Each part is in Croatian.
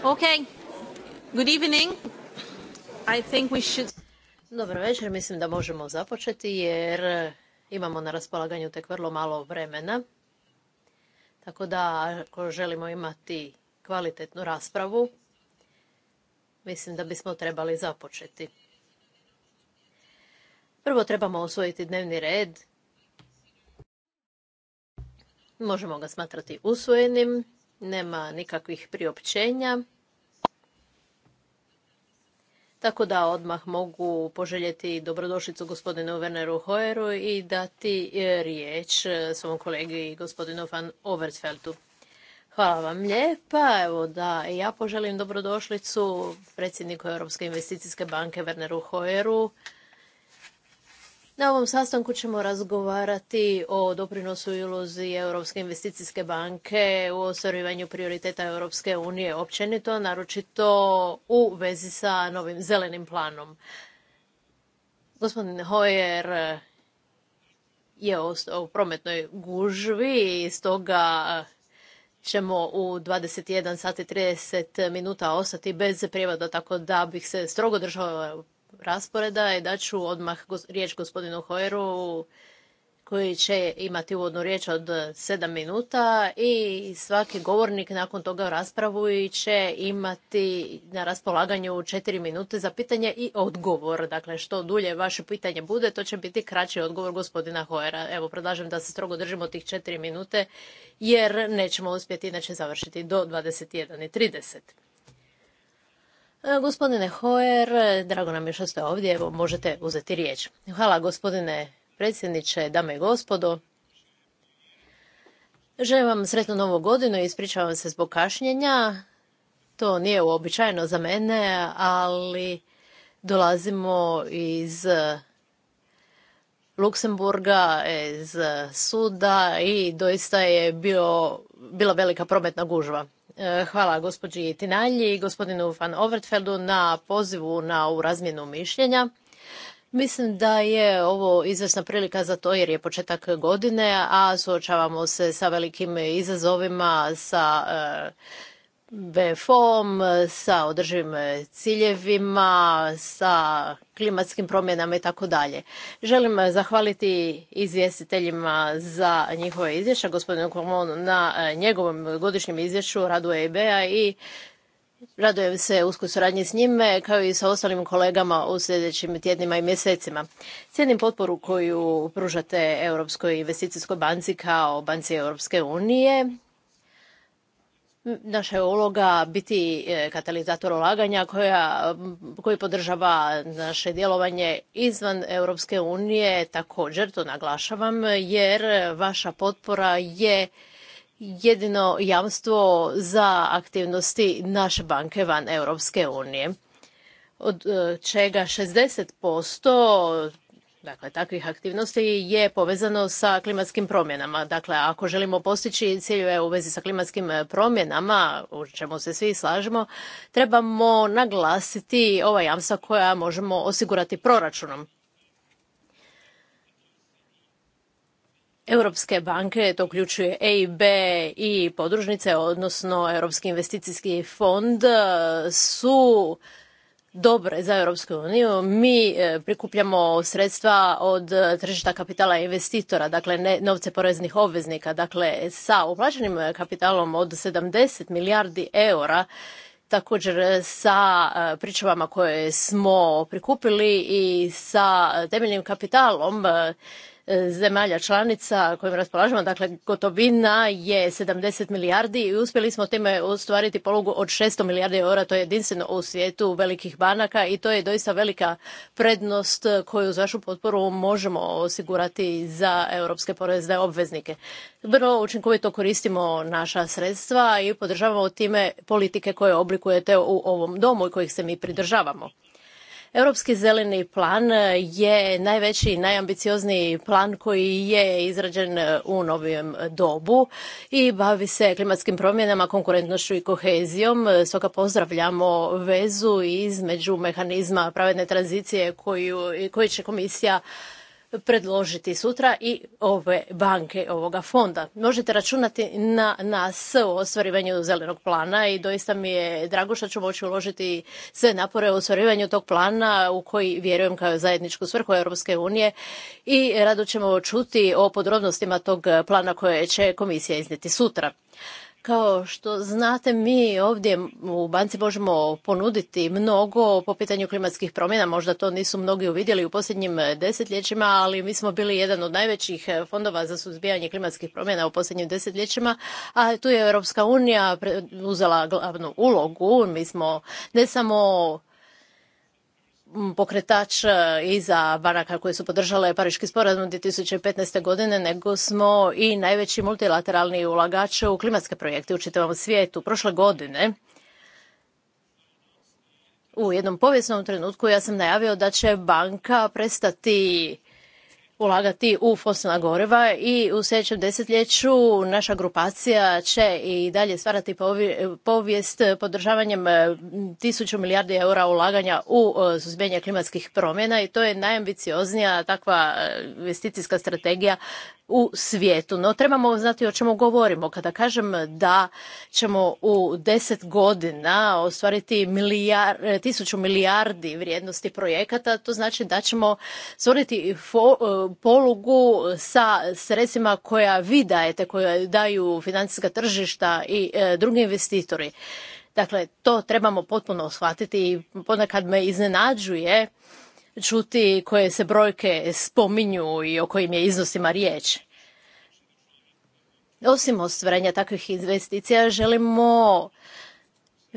Okay. Good evening. I think we should... Dobro večer, mislim da možemo započeti jer eh, imamo na raspolaganju tek vrlo malo vremena. Tako da ako želimo imati kvalitetnu raspravu, mislim da bismo trebali započeti. Prvo trebamo usvojiti dnevni red. Možemo ga smatrati usvojenim, nema nikakvih priopćenja. Tako da odmah mogu poželjeti dobrodošlicu gospodinu Werneru Hoeru i dati e, riječ e, svom kolegi gospodinu Van Oversfeldu. Hvala vam lijepa. Evo da ja poželim dobrodošlicu predsjedniku Europske investicijske banke Werneru Hoeru na ovom sastanku ćemo razgovarati o doprinosu i ulozi Europske investicijske banke u ostvarivanju prioriteta Europske unije općenito, naročito u vezi sa novim zelenim planom. Gospodin Hoyer je ostao u prometnoj gužvi i stoga ćemo u 21 sati 30 minuta ostati bez prijevoda, tako da bih se strogo držao rasporeda i ću odmah riječ gospodinu Hoeru koji će imati uvodnu riječ od sedam minuta i svaki govornik nakon toga u raspravu će imati na raspolaganju četiri minute za pitanje i odgovor. Dakle, što dulje vaše pitanje bude, to će biti kraći odgovor gospodina Hojera. Evo, predlažem da se strogo držimo tih četiri minute jer nećemo uspjeti inače završiti do 21.30. E, gospodine Hoer, e, drago nam je što ste ovdje, evo možete uzeti riječ. Hvala gospodine predsjedniče, dame i gospodo. Želim vam sretnu novu godinu i ispričavam se zbog kašnjenja. To nije uobičajeno za mene, ali dolazimo iz Luksemburga, iz suda i doista je bila velika prometna gužva. E, hvala gospođi Tinalji i gospodinu Van Overtfeldu na pozivu na ovu razmjenu mišljenja. Mislim da je ovo izvrsna prilika za to jer je početak godine, a suočavamo se sa velikim izazovima, sa e, bfo sa održivim e, ciljevima, sa klimatskim promjenama i tako dalje. Želim e, zahvaliti izvjestiteljima za njihove izvješće, gospodinu Komonu na e, njegovom godišnjem izvješću radu EIB-a i Radujem se uskoj suradnji s njime, kao i sa ostalim kolegama u sljedećim tjednima i mjesecima. Cijenim potporu koju pružate Europskoj investicijskoj banci kao banci Europske unije naša je uloga biti e, katalizator ulaganja koja, koji podržava naše djelovanje izvan Europske unije. Također to naglašavam jer vaša potpora je jedino jamstvo za aktivnosti naše banke van Europske unije od e, čega 60% dakle, takvih aktivnosti je povezano sa klimatskim promjenama. Dakle, ako želimo postići ciljeve u vezi sa klimatskim promjenama, u čemu se svi slažemo, trebamo naglasiti ova jamstva koja možemo osigurati proračunom. Europske banke, to uključuje EIB i podružnice, odnosno Europski investicijski fond, su dobre za Europsku uniju. Mi e, prikupljamo sredstva od e, tržišta kapitala investitora, dakle ne, novce poreznih obveznika. Dakle, sa uplaćenim e, kapitalom od 70 milijardi eura također sa pričuvama koje smo prikupili i sa temeljnim kapitalom E, zemalja članica kojim raspolažemo, dakle gotovina je 70 milijardi i uspjeli smo time ostvariti polugu od 600 milijardi eura, to je jedinstveno u svijetu velikih banaka i to je doista velika prednost koju uz vašu potporu možemo osigurati za europske porezne obveznike. Vrlo učinkovito koristimo naša sredstva i podržavamo time politike koje oblikujete u ovom domu i kojih se mi pridržavamo. Europski zeleni plan e, je najveći i najambiciozniji plan koji je izrađen e, u novijem dobu i bavi se klimatskim promjenama, konkurentnošću i kohezijom. E, stoga pozdravljamo vezu između mehanizma pravedne tranzicije koju, koji će komisija predložiti sutra i ove banke ovoga fonda. Možete računati na nas u ostvarivanju zelenog plana i doista mi je drago što ću moći uložiti sve napore u ostvarivanju tog plana u koji vjerujem kao zajedničku svrhu Europske unije i rado ćemo čuti o podrobnostima tog plana koje će komisija iznijeti sutra. Kao što znate, mi ovdje u banci možemo ponuditi mnogo po pitanju klimatskih promjena. Možda to nisu mnogi uvidjeli u posljednjim desetljećima, ali mi smo bili jedan od najvećih e, fondova za suzbijanje klimatskih promjena u posljednjim desetljećima. A tu je Europska unija uzela glavnu ulogu. Mi smo ne samo pokretač e, iza banaka koje su podržale Pariški sporazum 2015. godine, nego smo i najveći multilateralni ulagač u klimatske projekte u čitavom svijetu. Prošle godine u jednom povijesnom trenutku ja sam najavio da će banka prestati ulagati u fosilna goriva i u sljedećem desetljeću naša grupacija će i dalje stvarati povijest podržavanjem e, tisuću milijardi eura ulaganja u e, suzbijanje klimatskih promjena i to je najambicioznija takva e, investicijska strategija u svijetu. No trebamo znati o čemu govorimo. Kada kažem da ćemo u deset godina ostvariti milijar, tisuću milijardi vrijednosti projekata, to znači da ćemo stvoriti e, polugu sa sredstvima koja vi dajete, koja daju financijska tržišta i e, drugi investitori. Dakle, to trebamo potpuno shvatiti i ponekad me iznenađuje čuti koje se brojke spominju i o kojim je iznosima riječ. Osim ostvarenja takvih investicija želimo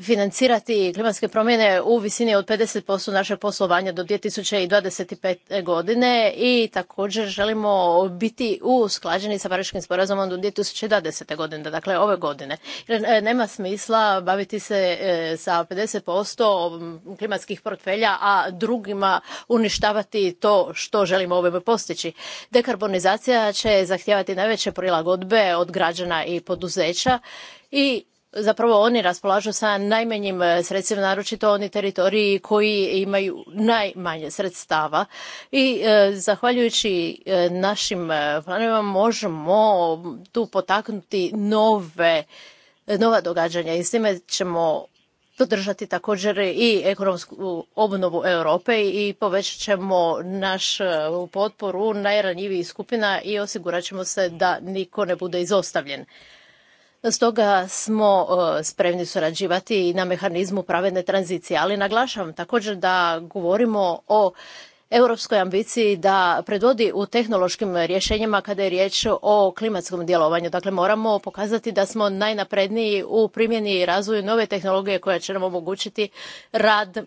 financirati klimatske promjene u visini od 50% našeg poslovanja do 2025. godine i također želimo biti usklađeni sa Pariškim sporazumom do 2020. godine, dakle ove godine. Jer e, nema smisla baviti se e, sa 50% klimatskih portfelja, a drugima uništavati to što želimo ovime postići. Dekarbonizacija će zahtijevati najveće prilagodbe od građana i poduzeća i zapravo oni raspolažu sa najmanjim e, sredstvima, naročito oni teritoriji koji imaju najmanje sredstava i e, zahvaljujući e, našim planovima možemo tu potaknuti nove, nova događanja i s time ćemo podržati također i ekonomsku obnovu Europe i povećat ćemo naš potporu najranjivijih skupina i osigurat ćemo se da niko ne bude izostavljen. Stoga smo e, spremni surađivati i na mehanizmu pravedne tranzicije, ali naglašavam također da govorimo o europskoj ambiciji da predvodi u tehnološkim rješenjima kada je riječ o klimatskom djelovanju. Dakle, moramo pokazati da smo najnapredniji u primjeni i razvoju nove tehnologije koja će nam omogućiti rad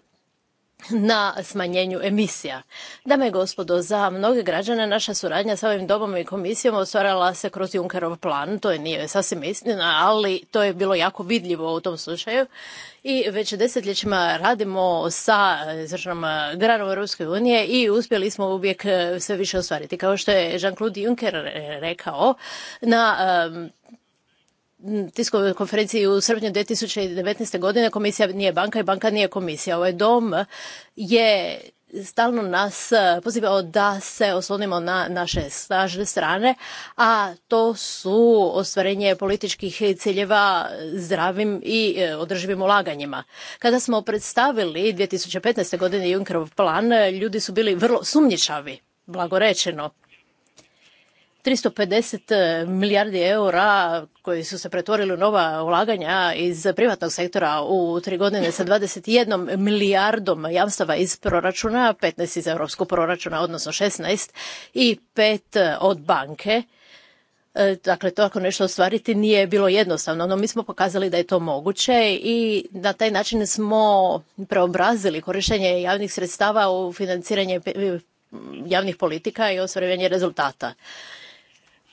na smanjenju emisija. Dame i gospodo, za mnoge građane naša suradnja sa ovim domom i komisijom ostvarala se kroz Junkerov plan. To je nije sasvim istina, ali to je bilo jako vidljivo u tom slučaju. I već desetljećima radimo sa državama granom Europske unije i uspjeli smo uvijek e, sve više ostvariti. Kao što je Jean-Claude Juncker rekao, na tiskovnoj konferenciji u srpnju 2019. godine komisija nije banka i banka nije komisija. Ovaj dom je stalno nas e, pozivao da se oslonimo na naše snažne strane, a to su ostvarenje političkih ciljeva zdravim i e, održivim ulaganjima. Kada smo predstavili 2015. godine Junckerov plan, ljudi su bili vrlo sumnjičavi, blagorečeno. 350 eh, milijardi eura koji su se pretvorili u nova ulaganja iz privatnog sektora u tri godine sa 21 milijardom jamstava iz proračuna, 15 iz europskog proračuna, odnosno 16 i 5 eh, od banke. Eh, dakle, to ako nešto ostvariti nije bilo jednostavno, no mi smo pokazali da je to moguće i na taj način smo preobrazili korištenje javnih sredstava u financiranje javnih politika i ostvarivanje rezultata.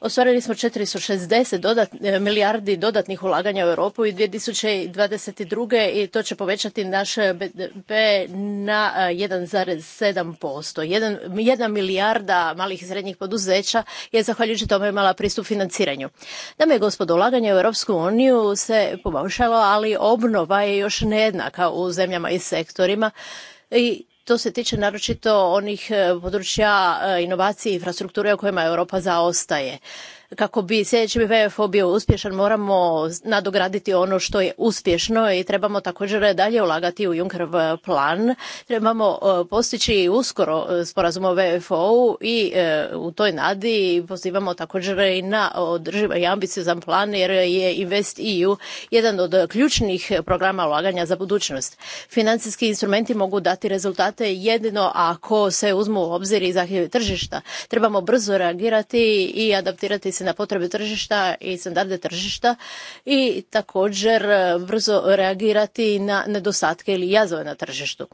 Ostvarili smo 460 dodat, e, milijardi dodatnih ulaganja u Europu i 2022. i to će povećati naš BDP na 1,7%. E, 1 milijarda malih i srednjih poduzeća je zahvaljujući tome imala pristup financiranju. Dame i gospodo, ulaganje u Europsku uniju se poboljšalo, ali obnova je još nejednaka u zemljama i sektorima i to se tiče naročito onih eh, područja eh, inovacije i infrastrukture u kojima Europa zaostaje kako bi sljedeći VFO bio uspješan moramo nadograditi ono što je uspješno i trebamo također dalje ulagati u Junckerov plan. Trebamo e, postići uskoro e, sporazum o VFO-u i e, u toj nadi pozivamo također i na održiva i ambiciozan plan jer je Invest EU jedan od ključnih programa ulaganja za budućnost. Financijski instrumenti mogu dati rezultate jedino ako se uzmu u obzir i zahtjeve tržišta. Trebamo brzo reagirati i adaptirati se na potrebe tržišta i standarde tržišta i također e, brzo reagirati na nedostatke ili jazove na tržištu.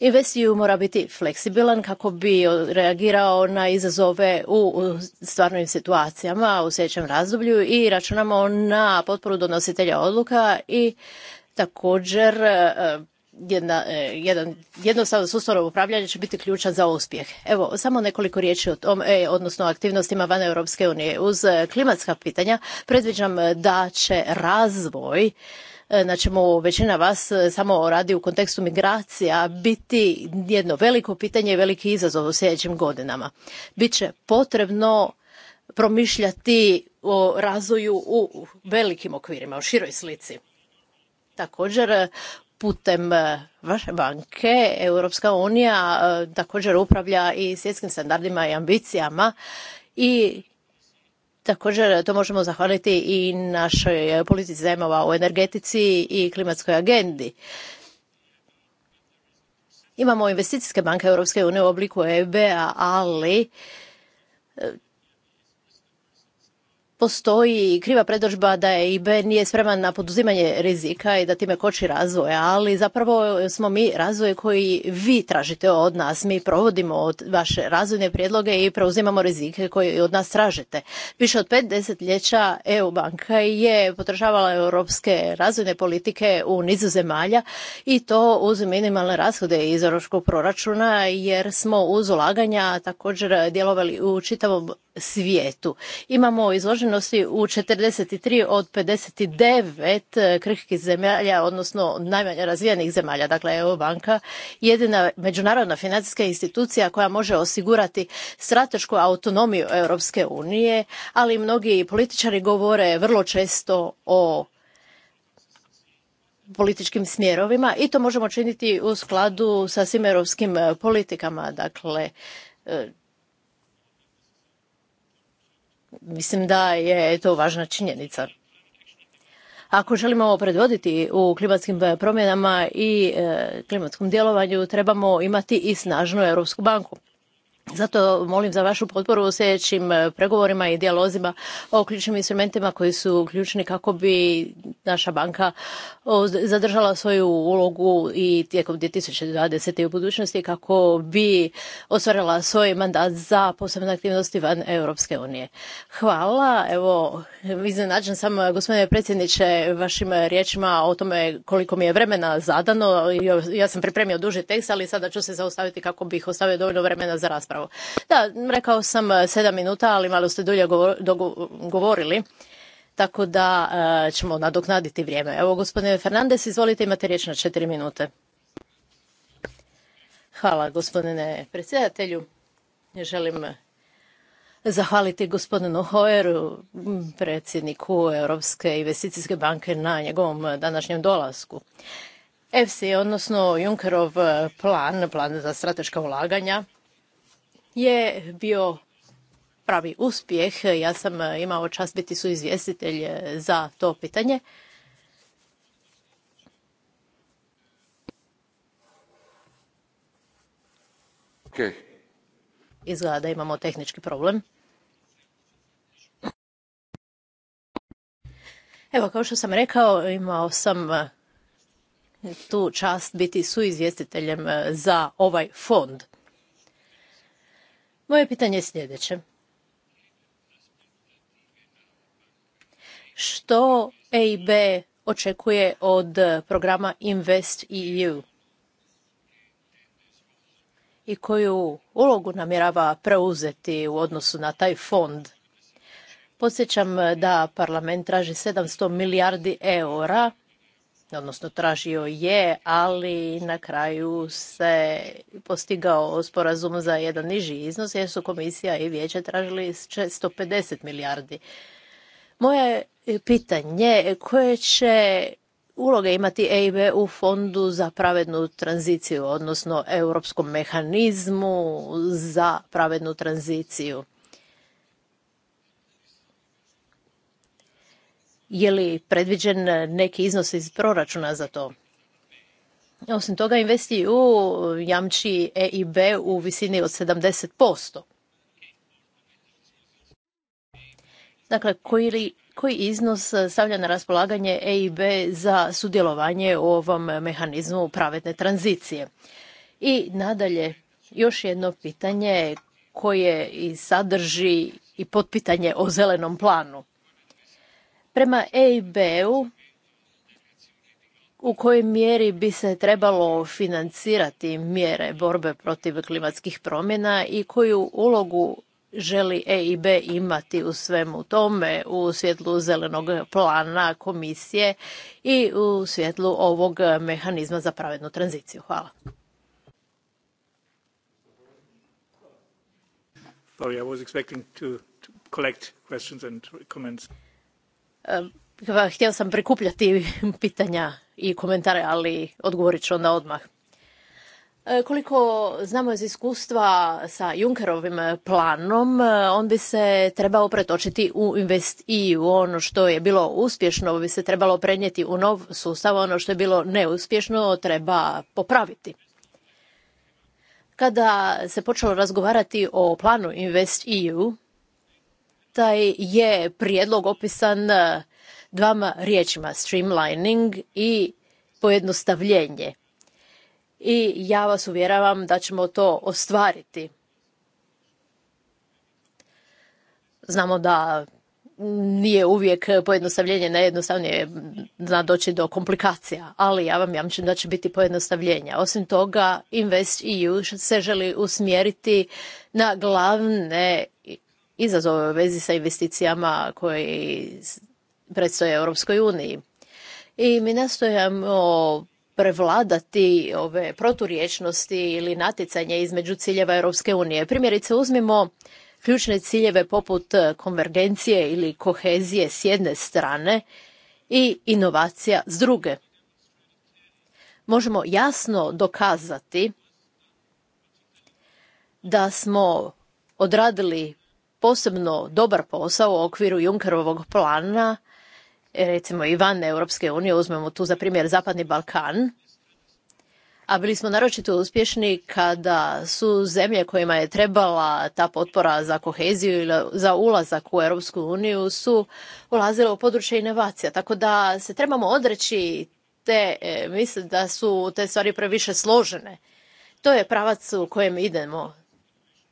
Investiju mora biti fleksibilan kako bi reagirao na izazove u stvarnim situacijama u sljedećem razdoblju i računamo na potporu donositelja odluka i također e, jedna, e, jedan, jednostavan sustav upravljanja će biti ključan za uspjeh. Evo, samo nekoliko riječi o tom, e, odnosno aktivnostima van Europske unije. Uz e, klimatska pitanja predviđam e, da će razvoj na čemu većina vas samo radi u kontekstu migracija, biti jedno veliko pitanje i veliki izazov u sljedećim godinama. Biće potrebno promišljati o razvoju u velikim okvirima, u široj slici. Također, putem e, vaše banke Europska unija e, također upravlja i svjetskim standardima i ambicijama i Također to možemo zahvaliti i našoj politici zajmova u energetici i klimatskoj agendi. Imamo investicijske banke Europske unije u obliku EBA, ali e, postoji kriva predodžba da je IB nije spreman na poduzimanje rizika i da time koči razvoj, ali zapravo smo mi razvoj koji vi tražite od nas. Mi provodimo od vaše razvojne prijedloge i preuzimamo rizike koje od nas tražite. Više od pet desetljeća EU banka je potražavala europske razvojne politike u nizu zemalja i to uz minimalne rashode iz europskog proračuna jer smo uz ulaganja također djelovali u čitavom svijetu. Imamo izloženosti u 43 od 59 eh, krhkih zemalja, odnosno najmanje razvijenih zemalja. Dakle, EU banka jedina međunarodna financijska institucija koja može osigurati stratešku autonomiju Europske unije, ali mnogi političari govore vrlo često o političkim smjerovima i to možemo činiti u skladu sa svim europskim politikama. Dakle, eh, Mislim da je to važna činjenica. Ako želimo predvoditi u klimatskim promjenama i e, klimatskom djelovanju, trebamo imati i snažnu Europsku banku. Zato molim za vašu potporu u sljedećim e, pregovorima i dijalozima o ključnim instrumentima koji su ključni kako bi naša banka zadržala svoju ulogu i tijekom 2020. i u budućnosti kako bi ostvarila svoj mandat za posebne aktivnosti van Europske unije. Hvala. Evo, iznenađen sam gospodine predsjedniče vašim riječima o tome koliko mi je vremena zadano. Ja sam pripremio duži tekst, ali sada ću se zaustaviti kako bih ostavio dovoljno vremena za raspravu. Da, rekao sam e, sedam minuta, ali malo ste dulje govorili, tako da e, ćemo nadoknaditi vrijeme. Evo, gospodine Fernandez, izvolite, imate riječ na četiri minute. Hvala, gospodine predsjedatelju. Želim zahvaliti gospodinu Hoeru, predsjedniku Europske investicijske banke na njegovom današnjem dolasku. EFSI, odnosno Junkerov plan, plan za strateška ulaganja, je bio pravi uspjeh. Ja sam eh, imao čast biti suizvjestitelj eh, za to pitanje. Izgleda da imamo tehnički problem. Evo, kao što sam rekao, imao sam eh, tu čast biti suizvjestiteljem za ovaj fond. Moje pitanje je sljedeće. Što EIB očekuje od programa Invest EU? I koju ulogu namjerava preuzeti u odnosu na taj fond? Podsjećam da parlament traži 700 milijardi eura odnosno tražio je, ali na kraju se postigao sporazum za jedan niži iznos jer su komisija i vijeće tražili 150 milijardi. Moje pitanje koje će uloge imati EIB u fondu za pravednu tranziciju, odnosno europskom mehanizmu za pravednu tranziciju. Je li predviđen neki iznos iz proračuna za to? Osim toga, u jamči EIB u visini od 70%. Dakle, koji, koji iznos stavlja na raspolaganje EIB za sudjelovanje u ovom mehanizmu pravedne tranzicije? I nadalje, još jedno pitanje koje i sadrži i potpitanje o zelenom planu. Prema EIB-u u kojoj mjeri bi se trebalo financirati mjere borbe protiv klimatskih promjena i koju ulogu želi EIB imati u svemu tome u svjetlu zelenog plana komisije i u svjetlu ovog mehanizma za pravednu tranziciju. Hvala. Ehm, pa htjela sam prikupljati pitanja i komentare, ali odgovorit ću onda odmah. E, koliko znamo iz iskustva sa Junkerovim planom, on bi se trebao pretočiti u Invest EU. Ono što je bilo uspješno bi se trebalo prenijeti u nov sustav, ono što je bilo neuspješno treba popraviti. Kada se počelo razgovarati o planu Invest EU, taj je prijedlog opisan e, dvama riječima streamlining i pojednostavljenje. I ja vas uvjeravam da ćemo to ostvariti. Znamo da nije uvijek pojednostavljenje najjednostavnije zna doći do komplikacija, ali ja vam jamčim da će biti pojednostavljenja. Osim toga, Invest EU se želi usmjeriti na glavne izazove u vezi sa investicijama koji predstoje Europskoj uniji. I mi nastojamo prevladati ove proturječnosti ili natjecanje između ciljeva Europske unije. Primjerice uzmimo ključne ciljeve poput konvergencije ili kohezije s jedne strane i inovacija s druge. Možemo jasno dokazati da smo odradili posebno dobar posao u okviru Junckerovog plana, e, recimo i van Europske unije, uzmemo tu za primjer Zapadni Balkan, a bili smo naročito uspješni kada su zemlje kojima je trebala ta potpora za koheziju ili za ulazak u Europsku uniju su ulazile u područje inovacija. Tako da se trebamo odreći te, e, mislim da su te stvari previše složene. To je pravac u kojem idemo.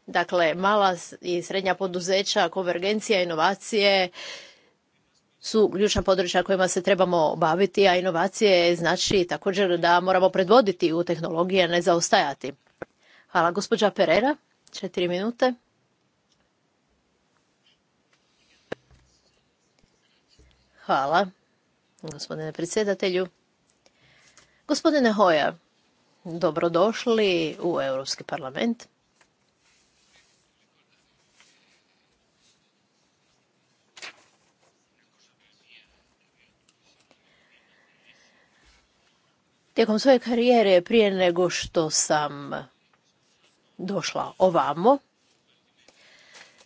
Dakle, mala i srednja poduzeća, konvergencija, inovacije su ključna područja kojima se trebamo baviti, a inovacije znači također da moramo predvoditi u tehnologije, ne zaostajati. Hvala, gospođa Perera, četiri minute. Hvala, gospodine predsjedatelju. Gospodine Hoja, dobrodošli u Europski parlament. Tijekom svoje karijere prije nego što sam došla ovamo,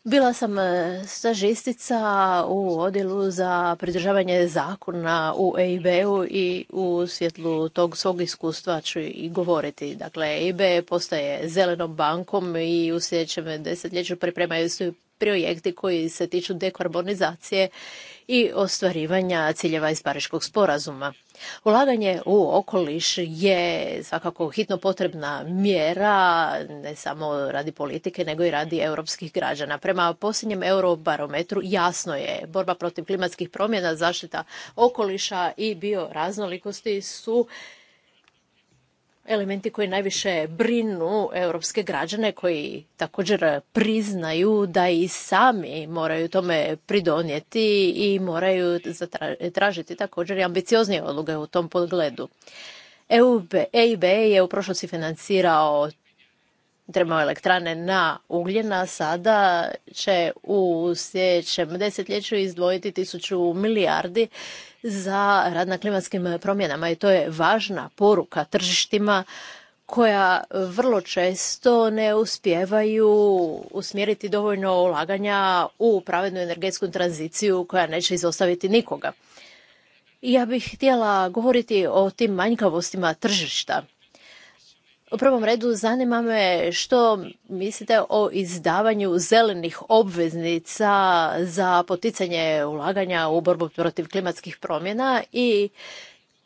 bila sam e, stažistica u odjelu za pridržavanje zakona u EIB-u i u svjetlu tog svog iskustva ću i govoriti. Dakle, EIB postaje zelenom bankom i u sljedećem desetljeću pripremaju se projekti koji se tiču dekarbonizacije i ostvarivanja ciljeva iz Pariškog sporazuma. Ulaganje u okoliš je svakako hitno potrebna mjera, ne samo radi politike, nego i radi europskih građana. Prema posljednjem eurobarometru jasno je, borba protiv klimatskih promjena, zaštita okoliša i bioraznolikosti su elementi koji najviše brinu europske građane koji također priznaju da i sami moraju tome pridonijeti i moraju tražiti također i ambicioznije odluge u tom pogledu. EIB e je u prošlosti financirao termoelektrane na ugljen, a sada će u sljedećem desetljeću izdvojiti tisuću milijardi za rad na klimatskim promjenama i to je važna poruka tržištima koja vrlo često ne uspijevaju usmjeriti dovoljno ulaganja u pravednu energetsku tranziciju koja neće izostaviti nikoga. Ja bih htjela govoriti o tim manjkavostima tržišta u prvom redu zanima me što mislite o izdavanju zelenih obveznica za poticanje ulaganja u borbu protiv klimatskih promjena i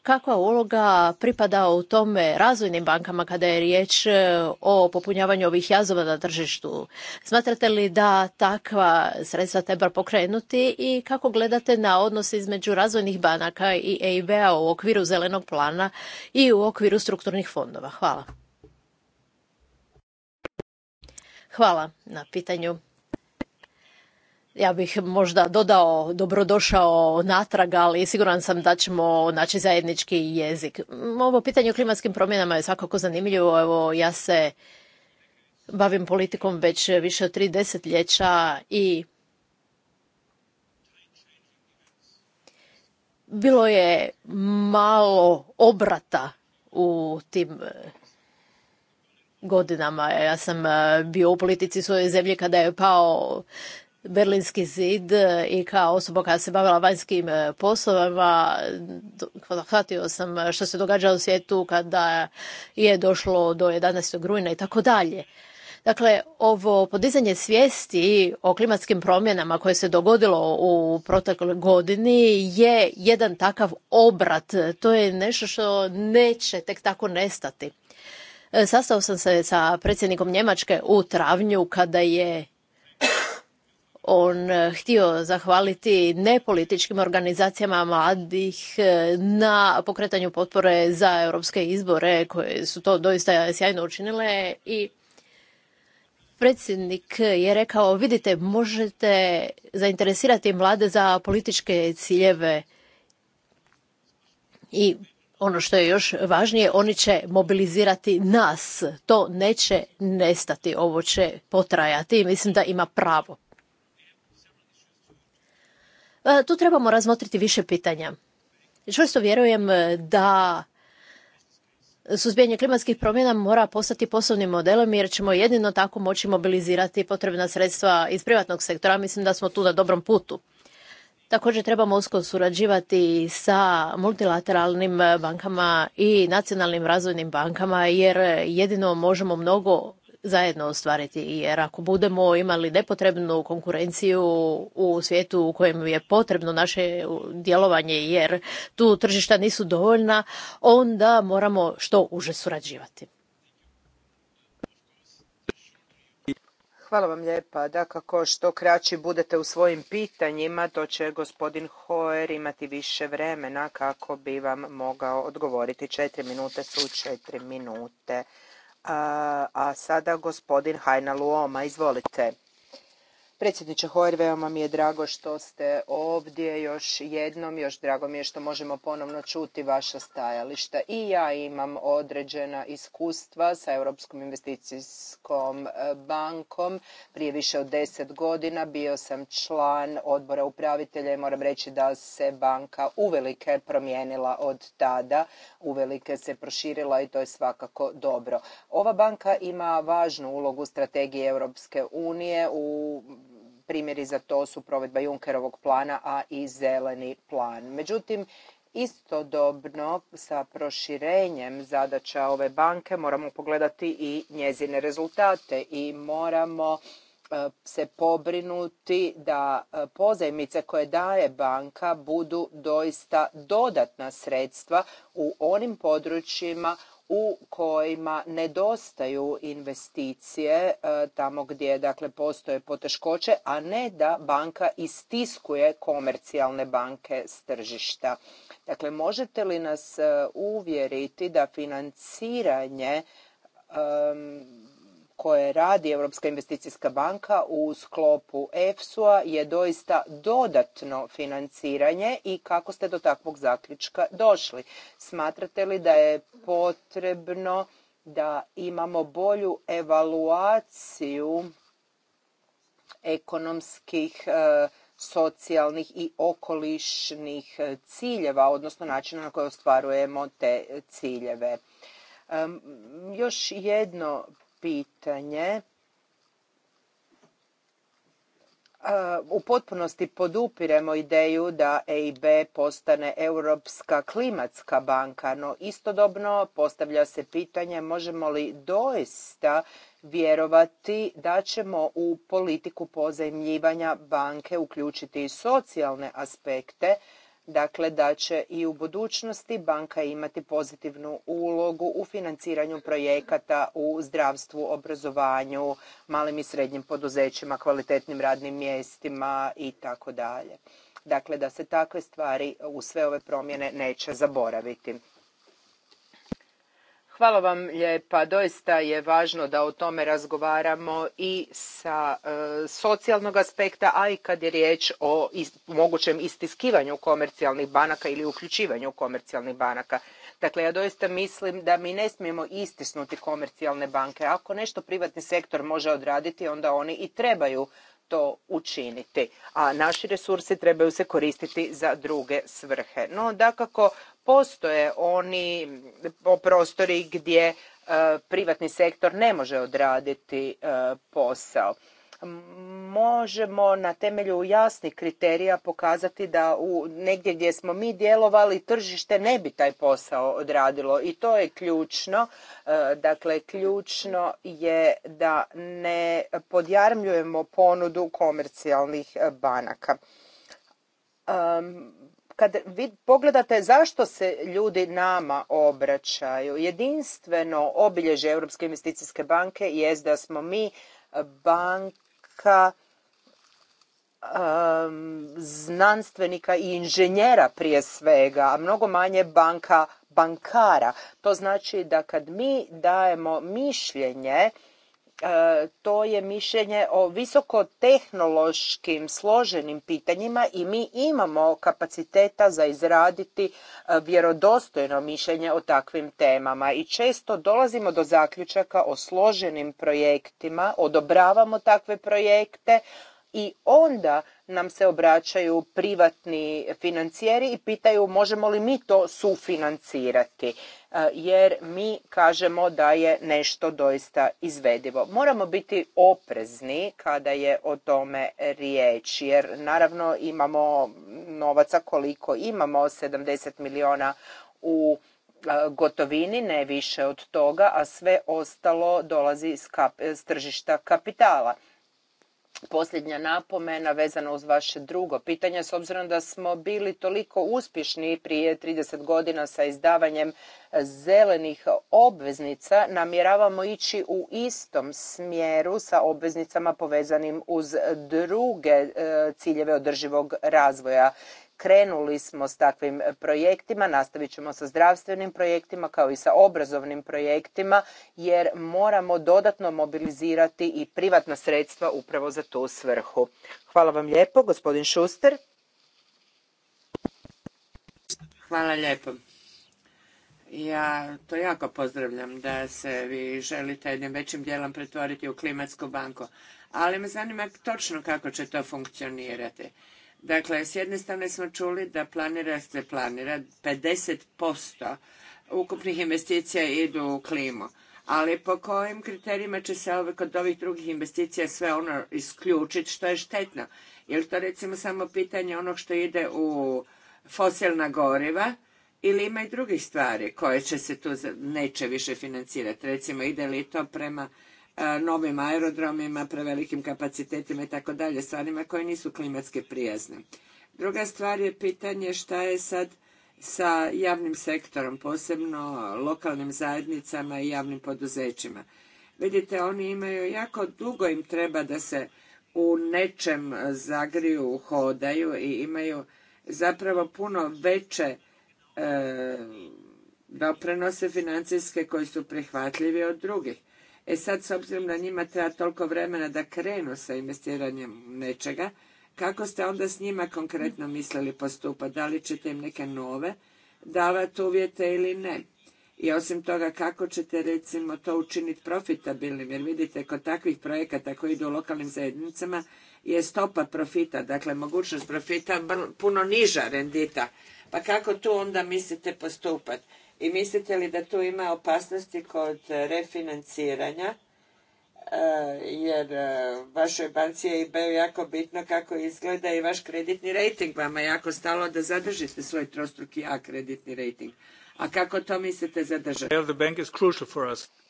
kakva uloga pripada u tome razvojnim bankama kada je riječ e, o popunjavanju ovih jazova na tržištu? Smatrate li da takva sredstva treba pokrenuti i kako gledate na odnos između razvojnih banaka i EIB-a u okviru zelenog plana i u okviru strukturnih fondova? Hvala. Hvala na pitanju. Ja bih možda dodao dobrodošao natrag, ali siguran sam da ćemo naći zajednički jezik. Ovo pitanje o klimatskim promjenama je svakako zanimljivo. Evo, ja se bavim politikom već više od tri desetljeća i bilo je malo obrata u tim godinama. Ja sam e, bio u politici svoje zemlje kada je pao Berlinski zid e, i kao osoba koja se bavila vanjskim e, poslovima hvatio sam što se događa u svijetu kada je došlo do 11. rujna i tako dalje. Dakle, ovo podizanje svijesti o klimatskim promjenama koje se dogodilo u protekloj godini je jedan takav obrat. To je nešto što neće tek tako nestati. E, sastao sam se sa predsjednikom Njemačke u travnju kada je on e, htio zahvaliti nepolitičkim organizacijama mladih e, na pokretanju potpore za europske izbore koje su to doista sjajno učinile i predsjednik je rekao vidite možete zainteresirati mlade za političke ciljeve i ono što je još važnije, oni će mobilizirati nas. To neće nestati, ovo će potrajati i mislim da ima pravo. E, tu trebamo razmotriti više pitanja. Čvrsto vjerujem da suzbijanje klimatskih promjena mora postati poslovnim modelom jer ćemo jedino tako moći mobilizirati potrebna sredstva iz privatnog sektora. Mislim da smo tu na dobrom putu. Također trebamo usko surađivati sa multilateralnim bankama i nacionalnim razvojnim bankama jer jedino možemo mnogo zajedno ostvariti jer ako budemo imali nepotrebnu konkurenciju u svijetu u kojem je potrebno naše djelovanje jer tu tržišta nisu dovoljna onda moramo što uže surađivati. Hvala vam lijepa. Da, kako što kraći budete u svojim pitanjima, to će gospodin Hoer imati više vremena kako bi vam mogao odgovoriti. Četiri minute su četiri minute. A, a sada gospodin Hajna Luoma, izvolite. Predsjedniče Hojer, veoma mi je drago što ste ovdje još jednom, još drago mi je što možemo ponovno čuti vaša stajališta. I ja imam određena iskustva sa Europskom investicijskom e, bankom. Prije više od deset godina bio sam član odbora upravitelja i moram reći da se banka uvelike promijenila od tada, uvelike se proširila i to je svakako dobro. Ova banka ima važnu ulogu strategije Europske unije u Primjeri za to su provedba Junkerovog plana, a i zeleni plan. Međutim, Istodobno sa proširenjem zadaća ove banke moramo pogledati i njezine rezultate i moramo e, se pobrinuti da e, pozajmice koje daje banka budu doista dodatna sredstva u onim područjima u kojima nedostaju investicije e, tamo gdje dakle postoje poteškoće, a ne da banka istiskuje komercijalne banke s tržišta. Dakle, možete li nas e, uvjeriti da financiranje koje radi Europska investicijska banka u sklopu EFSU-a je doista dodatno financiranje i kako ste do takvog zaključka došli? Smatrate li da je potrebno da imamo bolju evaluaciju ekonomskih, e, socijalnih i okolišnih e, ciljeva, odnosno načina na koji ostvarujemo te ciljeve. Još jedno pitanje u potpunosti podupiremo ideju da EIB postane Europska klimatska banka, no istodobno postavlja se pitanje možemo li doista vjerovati da ćemo u politiku pozajmljivanja banke uključiti i socijalne aspekte dakle da će i u budućnosti banka imati pozitivnu ulogu u financiranju projekata u zdravstvu, obrazovanju, malim i srednjim poduzećima, kvalitetnim radnim mjestima i tako dalje. Dakle, da se takve stvari u sve ove promjene neće zaboraviti. Hvala vam lijepa. Doista je važno da o tome razgovaramo i sa e, socijalnog aspekta, a i kad je riječ o mogućem istiskivanju komercijalnih banaka ili uključivanju komercijalnih banaka. Dakle, ja doista mislim da mi ne smijemo istisnuti komercijalne banke. Ako nešto privatni sektor može odraditi, onda oni i trebaju to učiniti, a naši resursi trebaju se koristiti za druge svrhe. No, dakako, postoje oni prostori gdje e, privatni sektor ne može odraditi e, posao možemo na temelju jasnih kriterija pokazati da u negdje gdje smo mi djelovali tržište ne bi taj posao odradilo i to je ključno. E, dakle, ključno je da ne podjarmljujemo ponudu komercijalnih banaka. Kad vi pogledate zašto se ljudi nama obraćaju, jedinstveno obilježje Europske investicijske banke je da smo mi eh, banka um, znanstvenika i inženjera prije svega, a mnogo manje banka bankara. To znači da kad mi dajemo mišljenje to je mišljenje o visokotehnološkim složenim pitanjima i mi imamo kapaciteta za izraditi e, vjerodostojno mišljenje o takvim temama i često dolazimo do zaključaka o složenim projektima, odobravamo takve projekte i onda nam se obraćaju privatni financijeri i pitaju možemo li mi to sufinancirati e, jer mi kažemo da je nešto doista izvedivo. Moramo biti oprezni kada je o tome riječ jer naravno imamo novaca koliko imamo 70 milijuna u e, gotovini, ne više od toga, a sve ostalo dolazi iz tržišta kapitala posljednja napomena vezana uz vaše drugo pitanje s obzirom da smo bili toliko uspješni prije 30 godina sa izdavanjem e, zelenih obveznica namjeravamo ići u istom smjeru sa obveznicama povezanim uz druge e, ciljeve održivog razvoja Krenuli smo s takvim e, projektima, nastavit ćemo sa zdravstvenim projektima kao i sa obrazovnim projektima jer moramo dodatno mobilizirati i privatna sredstva upravo za tu svrhu. Hvala vam lijepo, gospodin Šuster. Hvala lijepo. Ja to jako pozdravljam da se vi želite jednim većim dijelom pretvoriti u klimatsku banku. Ali me zanima točno kako će to funkcionirati. Dakle, s jedne strane smo čuli da planira se planira 50% ukupnih investicija idu u klimu. Ali po kojim kriterijima će se ove, kod ovih drugih investicija sve ono isključiti što je štetno? Je to recimo samo pitanje onog što ide u fosilna goriva ili ima i drugih stvari koje će se tu neće više financirati? Recimo ide li to prema E, novim aerodromima, prevelikim kapacitetima i tako dalje, stvarima koje nisu klimatske prijazne. Druga stvar je pitanje šta je sad sa javnim sektorom, posebno lokalnim zajednicama i javnim poduzećima. Vidite, oni imaju jako dugo im treba da se u nečem zagriju, hodaju i imaju zapravo puno veće e, doprinose financijske koji su prihvatljivi od drugih. E sad, s obzirom da njima treba toliko vremena da krenu sa investiranjem nečega, kako ste onda s njima konkretno mislili postupati? Da li ćete im neke nove davati uvjete ili ne? I osim toga, kako ćete recimo to učiniti profitabilnim? Jer vidite, kod takvih projekata koji idu u lokalnim zajednicama je stopa profita, dakle mogućnost profita puno niža rendita. Pa kako tu onda mislite postupati? I mislite li da tu ima opasnosti kod refinanciranja? E, jer e, vašoj banci je bio jako bitno kako izgleda i vaš kreditni rejting. Vama je jako stalo da zadržite svoj trostruki A kreditni rejting. A kako to mislite zadržati?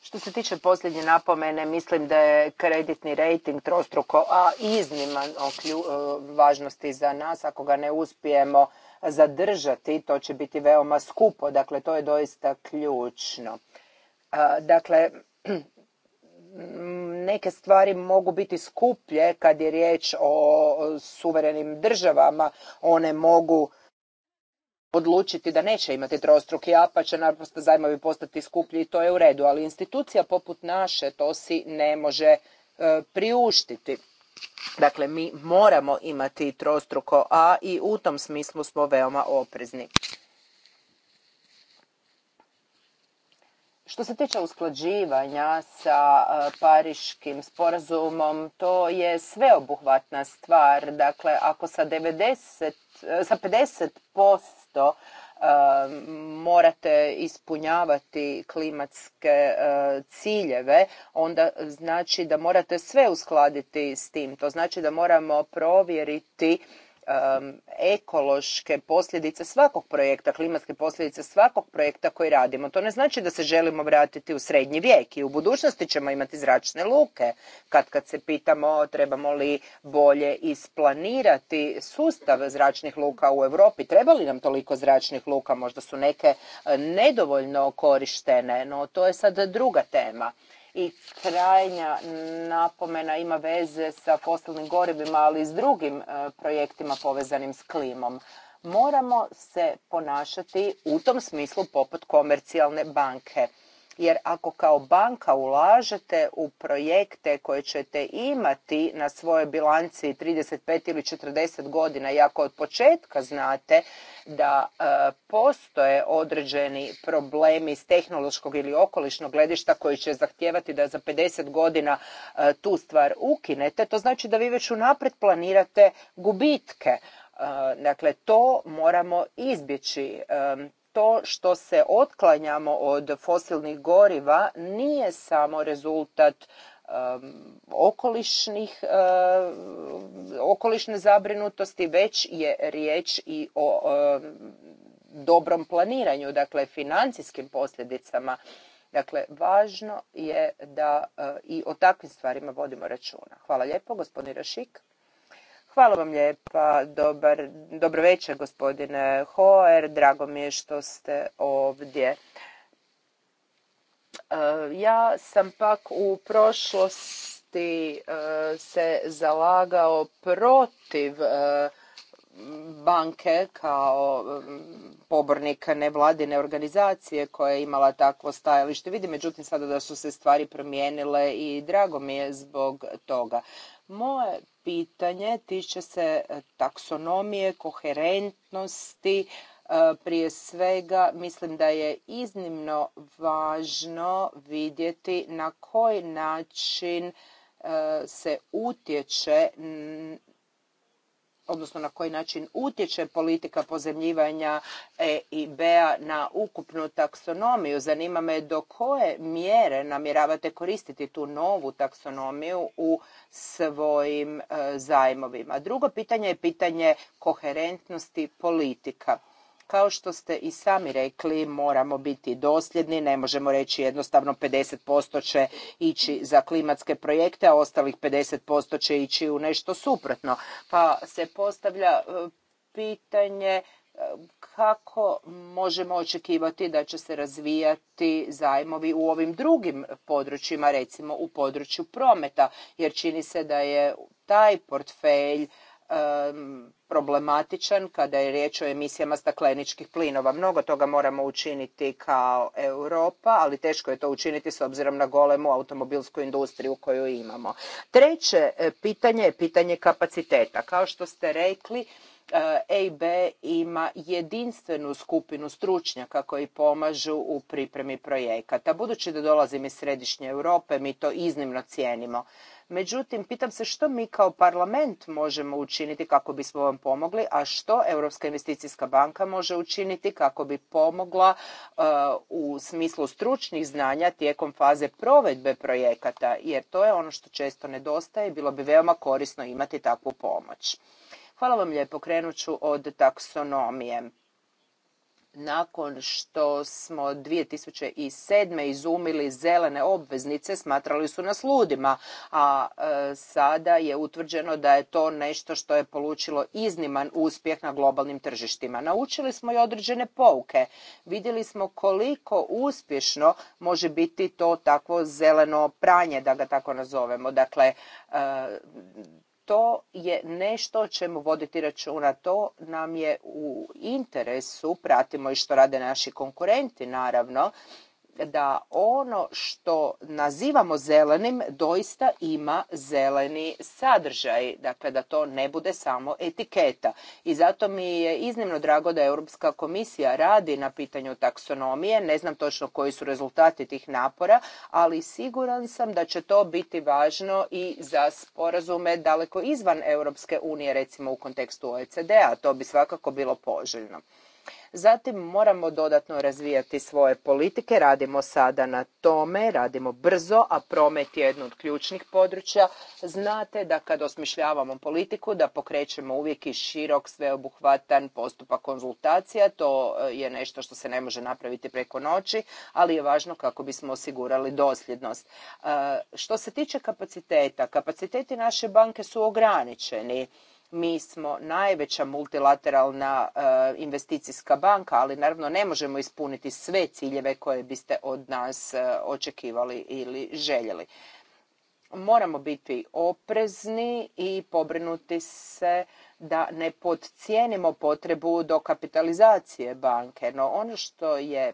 Što se tiče posljednje napomene, mislim da je kreditni rejting trostruko A izniman o e, važnosti za nas. Ako ga ne uspijemo zadržati, to će biti veoma skupo, dakle to je doista ključno. Dakle, neke stvari mogu biti skuplje kad je riječ o suverenim državama, one mogu odlučiti da neće imati trostruki A, pa će naprosto zajmovi postati skuplji i to je u redu, ali institucija poput naše to si ne može e, priuštiti. Dakle, mi moramo imati trostruko A i u tom smislu smo veoma oprezni. Što se tiče usklađivanja sa e, Pariškim sporazumom, to je sveobuhvatna stvar. Dakle, ako sa 90 e, sa 50% Um, morate ispunjavati klimatske uh, ciljeve, onda znači da morate sve uskladiti s tim. To znači da moramo provjeriti Um, ekološke posljedice svakog projekta, klimatske posljedice svakog projekta koji radimo. To ne znači da se želimo vratiti u srednji vijek i u budućnosti ćemo imati zračne luke. Kad kad se pitamo trebamo li bolje isplanirati sustav zračnih luka u Europi, treba li nam toliko zračnih luka, možda su neke e, nedovoljno korištene, no to je sad druga tema i krajnja napomena ima veze sa fosilnim gorivima, ali i s drugim e, projektima povezanim s klimom. Moramo se ponašati u tom smislu poput komercijalne banke jer ako kao banka ulažete u projekte koje ćete imati na svojoj bilanci 35 ili 40 godina i ako od početka znate da e, postoje određeni problemi s tehnološkog ili okolišnog gledišta koji će zahtijevati da za 50 godina e, tu stvar ukinete, to znači da vi već unaprijed planirate gubitke. E, dakle, to moramo izbjeći to što se otklanjamo od fosilnih goriva nije samo rezultat okolišnih, okolišne zabrinutosti, već je riječ i o dobrom planiranju, dakle financijskim posljedicama. Dakle, važno je da e, i o takvim stvarima vodimo računa. Hvala lijepo, gospodin Rašik. Hvala vam lijepa, dobro večer gospodine Hoer, drago mi je što ste ovdje. E, ja sam pak u prošlosti e, se zalagao protiv e, banke kao pobornika nevladine organizacije koja je imala takvo stajalište. Vidim međutim sada da su se stvari promijenile i drago mi je zbog toga. Moje pitanje tiče se e, taksonomije, koherentnosti, e, prije svega mislim da je iznimno važno vidjeti na koji način e, se utječe odnosno na koji način utječe politika pozemljivanja EIB-a na ukupnu taksonomiju. Zanima me do koje mjere namjeravate koristiti tu novu taksonomiju u svojim e, zajmovima. Drugo pitanje je pitanje koherentnosti politika kao što ste i sami rekli, moramo biti dosljedni, ne možemo reći jednostavno 50% će ići za klimatske projekte, a ostalih 50% će ići u nešto suprotno. Pa se postavlja e, pitanje e, kako možemo očekivati da će se razvijati zajmovi u ovim drugim područjima, recimo u području prometa, jer čini se da je taj portfelj problematičan kada je riječ o emisijama stakleničkih plinova. Mnogo toga moramo učiniti kao Europa, ali teško je to učiniti s obzirom na golemu automobilsku industriju koju imamo. Treće e, pitanje je pitanje kapaciteta. Kao što ste rekli, EIB ima jedinstvenu skupinu stručnjaka koji pomažu u pripremi projekata. Budući da dolazim iz središnje Europe, mi to iznimno cijenimo. Međutim, pitam se što mi kao parlament možemo učiniti kako bismo vam pomogli, a što Europska investicijska banka može učiniti kako bi pomogla e, u smislu stručnih znanja tijekom faze provedbe projekata, jer to je ono što često nedostaje i bilo bi veoma korisno imati takvu pomoć. Hvala vam lijepo, krenut ću od taksonomije nakon što smo 2007. izumili zelene obveznice, smatrali su nas ludima, a e, sada je utvrđeno da je to nešto što je polučilo izniman uspjeh na globalnim tržištima. Naučili smo i određene pouke. Vidjeli smo koliko uspješno može biti to takvo zeleno pranje, da ga tako nazovemo. Dakle, e, to je nešto o čemu voditi računa. To nam je u interesu, pratimo i što rade naši konkurenti naravno, da ono što nazivamo zelenim doista ima zeleni sadržaj, dakle da to ne bude samo etiketa. I zato mi je iznimno drago da Europska komisija radi na pitanju taksonomije, ne znam točno koji su rezultati tih napora, ali siguran sam da će to biti važno i za sporazume daleko izvan Europske unije, recimo u kontekstu OECD-a, to bi svakako bilo poželjno. Zatim moramo dodatno razvijati svoje politike, radimo sada na tome, radimo brzo, a promet je jedno od ključnih područja. Znate da kad osmišljavamo politiku, da pokrećemo uvijek i širok, sveobuhvatan postupak konzultacija. To e, je nešto što se ne može napraviti preko noći, ali je važno kako bismo osigurali dosljednost. E, što se tiče kapaciteta, kapaciteti naše banke su ograničeni mi smo najveća multilateralna e, investicijska banka, ali naravno ne možemo ispuniti sve ciljeve koje biste od nas e, očekivali ili željeli. Moramo biti oprezni i pobrinuti se da ne podcijenimo potrebu dokapitalizacije banke. No ono što je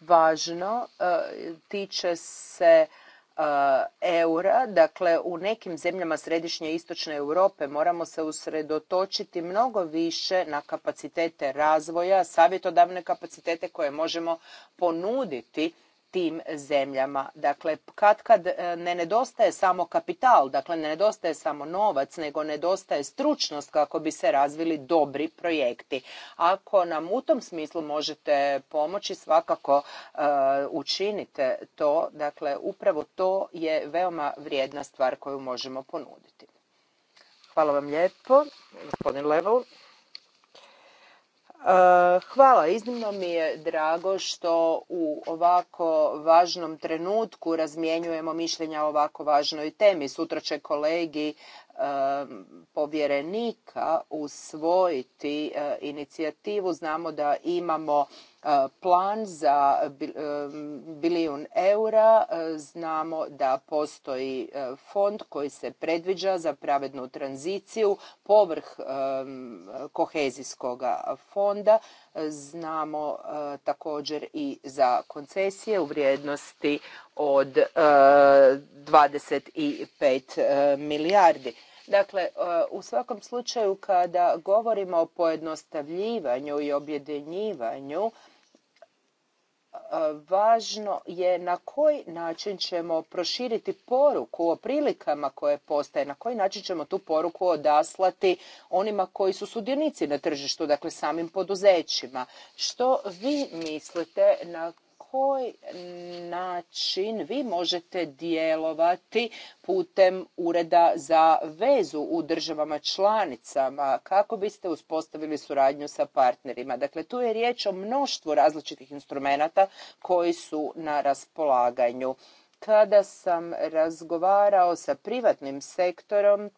važno e, tiče se E, eura. Dakle, u nekim zemljama središnje i istočne Europe moramo se usredotočiti mnogo više na kapacitete razvoja, savjetodavne kapacitete koje možemo ponuditi tim zemljama. Dakle, kad kad e, ne nedostaje samo kapital, dakle ne nedostaje samo novac, nego nedostaje stručnost kako bi se razvili dobri projekti. Ako nam u tom smislu možete pomoći, svakako e, učinite to. Dakle, upravo to je veoma vrijedna stvar koju možemo ponuditi. Hvala vam lijepo, gospodin Level. Eh, hvala, iznimno mi je drago što u ovako važnom trenutku razmjenjujemo mišljenja o ovako važnoj temi. Sutra će kolegi eh, povjerenika usvojiti eh, inicijativu. Znamo da imamo E, plan za e, e, bilijun eura. Znamo da postoji fond koji se predviđa za pravednu tranziciju povrh kohezijskog fonda. Znamo također i za koncesije u vrijednosti od 25 milijardi. Dakle, u svakom slučaju kada govorimo o pojednostavljivanju i objedinjivanju važno je na koji način ćemo proširiti poruku o prilikama koje postaje, na koji način ćemo tu poruku odaslati onima koji su sudionici na tržištu, dakle samim poduzećima. Što vi mislite na koji način vi možete djelovati putem ureda za vezu u državama članicama kako biste uspostavili suradnju sa partnerima. Dakle, tu je riječ o mnoštvu različitih instrumenata koji su na raspolaganju. Kada sam razgovarao sa privatnim sektorom,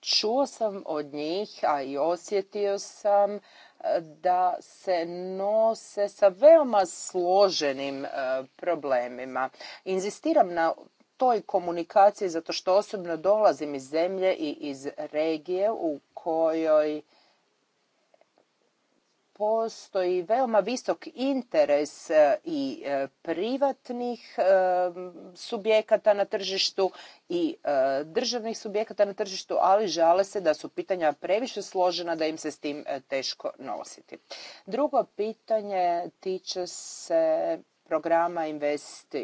čuo sam od njih, a i osjetio sam da se nose sa veoma složenim e, problemima. Inzistiram na toj komunikaciji zato što osobno dolazim iz zemlje i iz regije u kojoj postoji veoma visok interes e, i e, privatnih e, subjekata na tržištu i državnih subjekata na tržištu, ali žale se da su pitanja previše složena da im se s tim teško nositi. Drugo pitanje tiče se programa Invest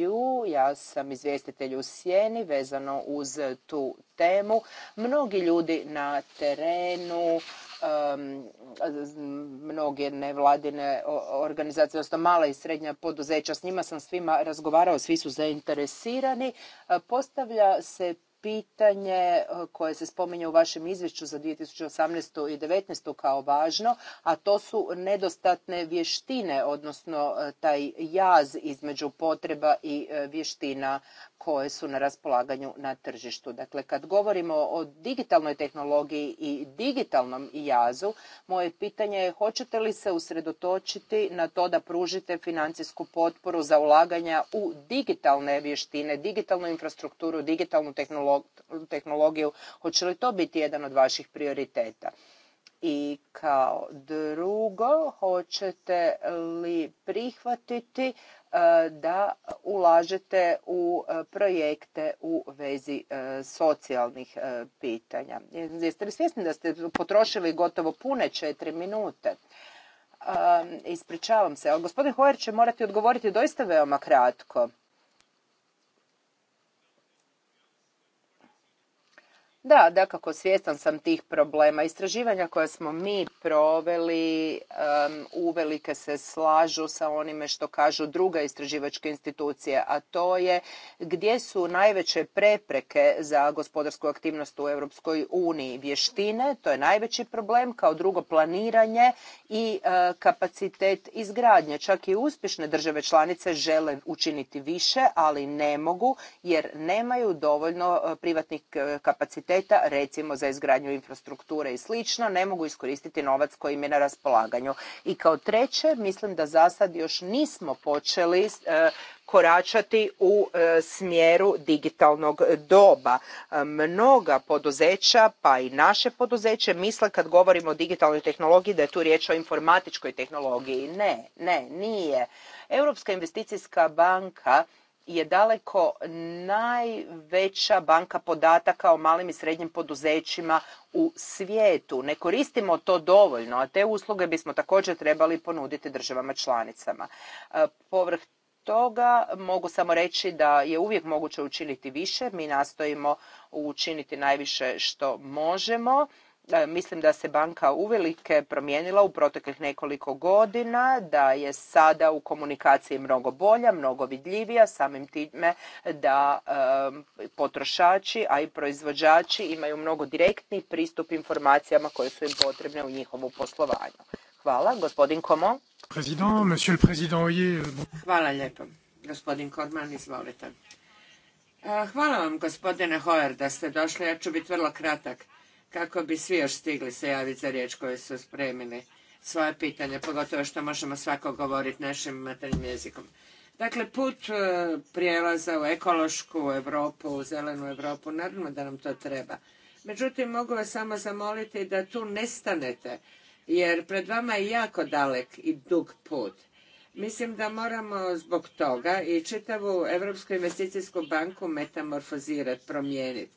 EU. Ja sam izvjestitelj u Sjeni vezano uz tu temu. Mnogi ljudi na terenu Um, mnoge nevladine organizacije, odnosno mala i srednja poduzeća. S njima sam svima razgovarao, svi su zainteresirani. E, postavlja se pitanje e, koje se spominje u vašem izvješću za 2018. i 2019. kao važno, a to su nedostatne vještine, odnosno e, taj jaz između potreba i vještina koje su na raspolaganju na tržištu. Dakle, kad govorimo o digitalnoj tehnologiji i digitalnom jazu, moje pitanje je hoćete li se usredotočiti na to da pružite financijsku potporu za ulaganja u digitalne vještine, digitalnu infrastrukturu, digitalnu tehnologiju. Hoće li to biti jedan od vaših prioriteta? I kao drugo, hoćete li prihvatiti E, da ulažete u e, projekte u vezi e, socijalnih pitanja. Jeste li svjesni da ste potrošili gotovo pune četiri minute? Ispričavam se, ali gospodin Hojer će morati odgovoriti doista veoma kratko. Da, da, kako svjestan sam tih problema. Istraživanja koja smo mi proveli uvelike se slažu sa onime što kažu druga istraživačke institucije, a to je gdje su najveće prepreke za gospodarsku aktivnost u Europskoj uniji. Vještine, to je najveći problem, kao drugo planiranje i e, kapacitet izgradnje. Čak i uspješne države članice žele učiniti više, ali ne mogu jer nemaju dovoljno e, privatnih e, kapaciteta recimo za izgradnju infrastrukture i slično, ne mogu iskoristiti novac koji im je na raspolaganju. I kao treće, mislim da za sad još nismo počeli e, koračati u e, smjeru digitalnog doba. E, mnoga poduzeća, pa i naše poduzeće, misle kad govorimo o digitalnoj tehnologiji da je tu riječ o informatičkoj tehnologiji. Ne, ne, nije. Europska investicijska banka je daleko najveća banka podataka o malim i srednjim poduzećima u svijetu. Ne koristimo to dovoljno, a te usluge bismo također trebali ponuditi državama članicama. E, povrh toga mogu samo reći da je uvijek moguće učiniti više. Mi nastojimo učiniti najviše što možemo E, mislim da se banka uvelike promijenila u proteklih nekoliko godina, da je sada u komunikaciji mnogo bolja, mnogo vidljivija, samim time da e, potrošači, a i proizvođači imaju mnogo direktni pristup informacijama koje su im potrebne u njihovu poslovanju. Hvala. Gospodin Komo. Euh, hvala lijepo. Gospodin Korman, izvolite. E, hvala vam, gospodine Hoer, da ste došli. Ja ću biti vrlo kratak kako bi svi još stigli se javiti za riječ koji su spremili svoje pitanja, pogotovo što možemo svako govoriti našim maternjim jezikom. Dakle, put e, prijelaza u ekološku Europu, u zelenu Europu, naravno da nam to treba. Međutim, mogu vas samo zamoliti da tu nestanete, jer pred vama je jako dalek i dug put. Mislim da moramo zbog toga i čitavu Europsku investicijsku banku metamorfozirati, promijeniti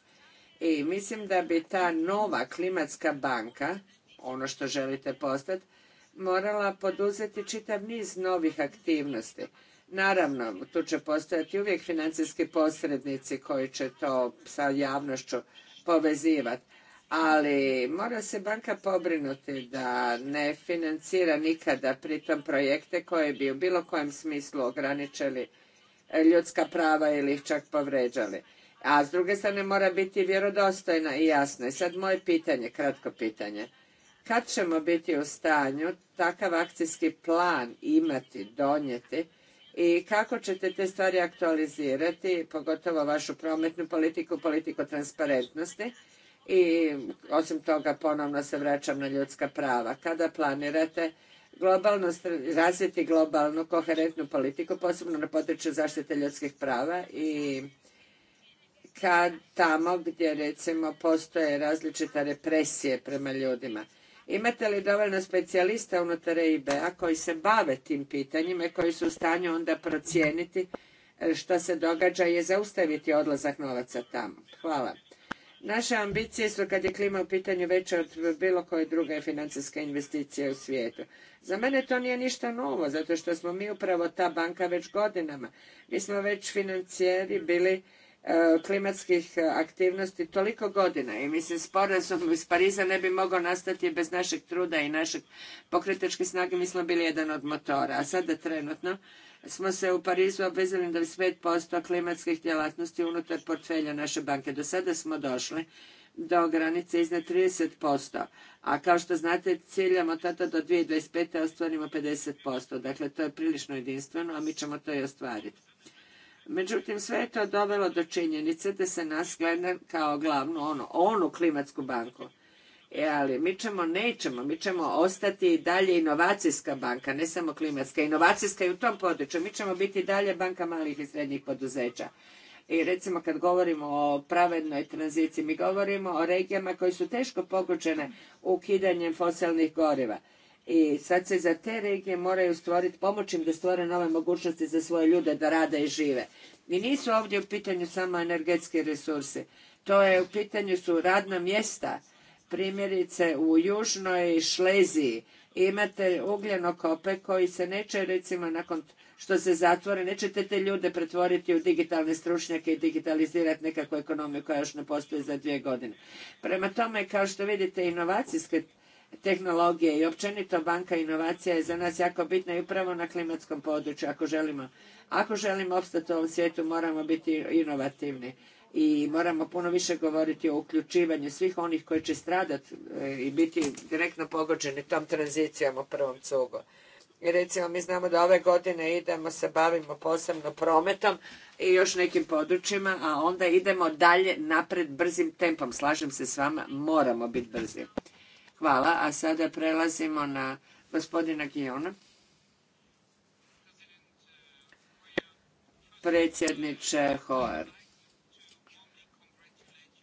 i mislim da bi ta nova klimatska banka, ono što želite postati, morala poduzeti čitav niz novih aktivnosti. Naravno, tu će postojati uvijek financijski posrednici koji će to sa javnošću povezivati, ali mora se banka pobrinuti da ne financira nikada pritom projekte koje bi u bilo kojem smislu ograničili ljudska prava ili ih čak povređali a s druge strane mora biti vjerodostojna i jasna. I sad moje pitanje, kratko pitanje. Kad ćemo biti u stanju takav akcijski plan imati, donijeti i kako ćete te stvari aktualizirati, pogotovo vašu prometnu politiku, politiku transparentnosti i osim toga ponovno se vraćam na ljudska prava. Kada planirate globalno, razviti globalnu koherentnu politiku, posebno na području zaštite ljudskih prava i kad tamo gdje recimo postoje različite represije prema ljudima. Imate li dovoljno specijalista unutar EIB-a koji se bave tim pitanjima i koji su u stanju onda procijeniti e, što se događa i zaustaviti odlazak novaca tamo? Hvala. Naše ambicije su kad je klima u pitanju veća od bilo koje druge financijske investicije u svijetu. Za mene to nije ništa novo, zato što smo mi upravo ta banka već godinama. Mi smo već financijeri bili E, klimatskih e, aktivnosti toliko godina i mislim sporazum iz Pariza ne bi mogao nastati bez našeg truda i našeg pokretačke snage, mi smo bili jedan od motora, a sada trenutno smo se u Parizu obvezali da posto klimatskih djelatnosti unutar portfelja naše banke. Do sada smo došli do granice iznad 30%, a kao što znate ciljamo tada do 2025. ostvarimo 50%, dakle to je prilično jedinstveno, a mi ćemo to i ostvariti. Međutim, sve je to dovelo do činjenice da se nas gleda kao glavnu, onu, onu klimatsku banku. E, ali mi ćemo, nećemo, mi ćemo ostati i dalje inovacijska banka, ne samo klimatska. Inovacijska i u tom području. Mi ćemo biti dalje banka malih i srednjih poduzeća. I recimo kad govorimo o pravednoj tranziciji, mi govorimo o regijama koje su teško pogođene ukidanjem fosilnih goriva. I sad se za te regije moraju stvoriti, pomoći im da stvore nove mogućnosti za svoje ljude da rade i žive. I nisu ovdje u pitanju samo energetski resursi. To je u pitanju su radna mjesta. Primjerice u južnoj Šleziji imate ugljenokope koji se neće recimo nakon što se zatvore, nećete te ljude pretvoriti u digitalne stručnjake i digitalizirati nekakvu ekonomiju koja još ne postoji za dvije godine. Prema tome, kao što vidite, inovacijske tehnologije i općenito banka inovacija je za nas jako bitna i upravo na klimatskom području ako želimo. Ako želimo opstati u ovom svijetu moramo biti inovativni i moramo puno više govoriti o uključivanju svih onih koji će stradati e, i biti direktno pogođeni tom tranzicijom u prvom cugu. I recimo mi znamo da ove godine idemo se bavimo posebno prometom i još nekim područjima, a onda idemo dalje napred brzim tempom. Slažem se s vama, moramo biti brzi. Hvala, a sada prelazimo na gospodina Gijona. Predsjedniče Hoar,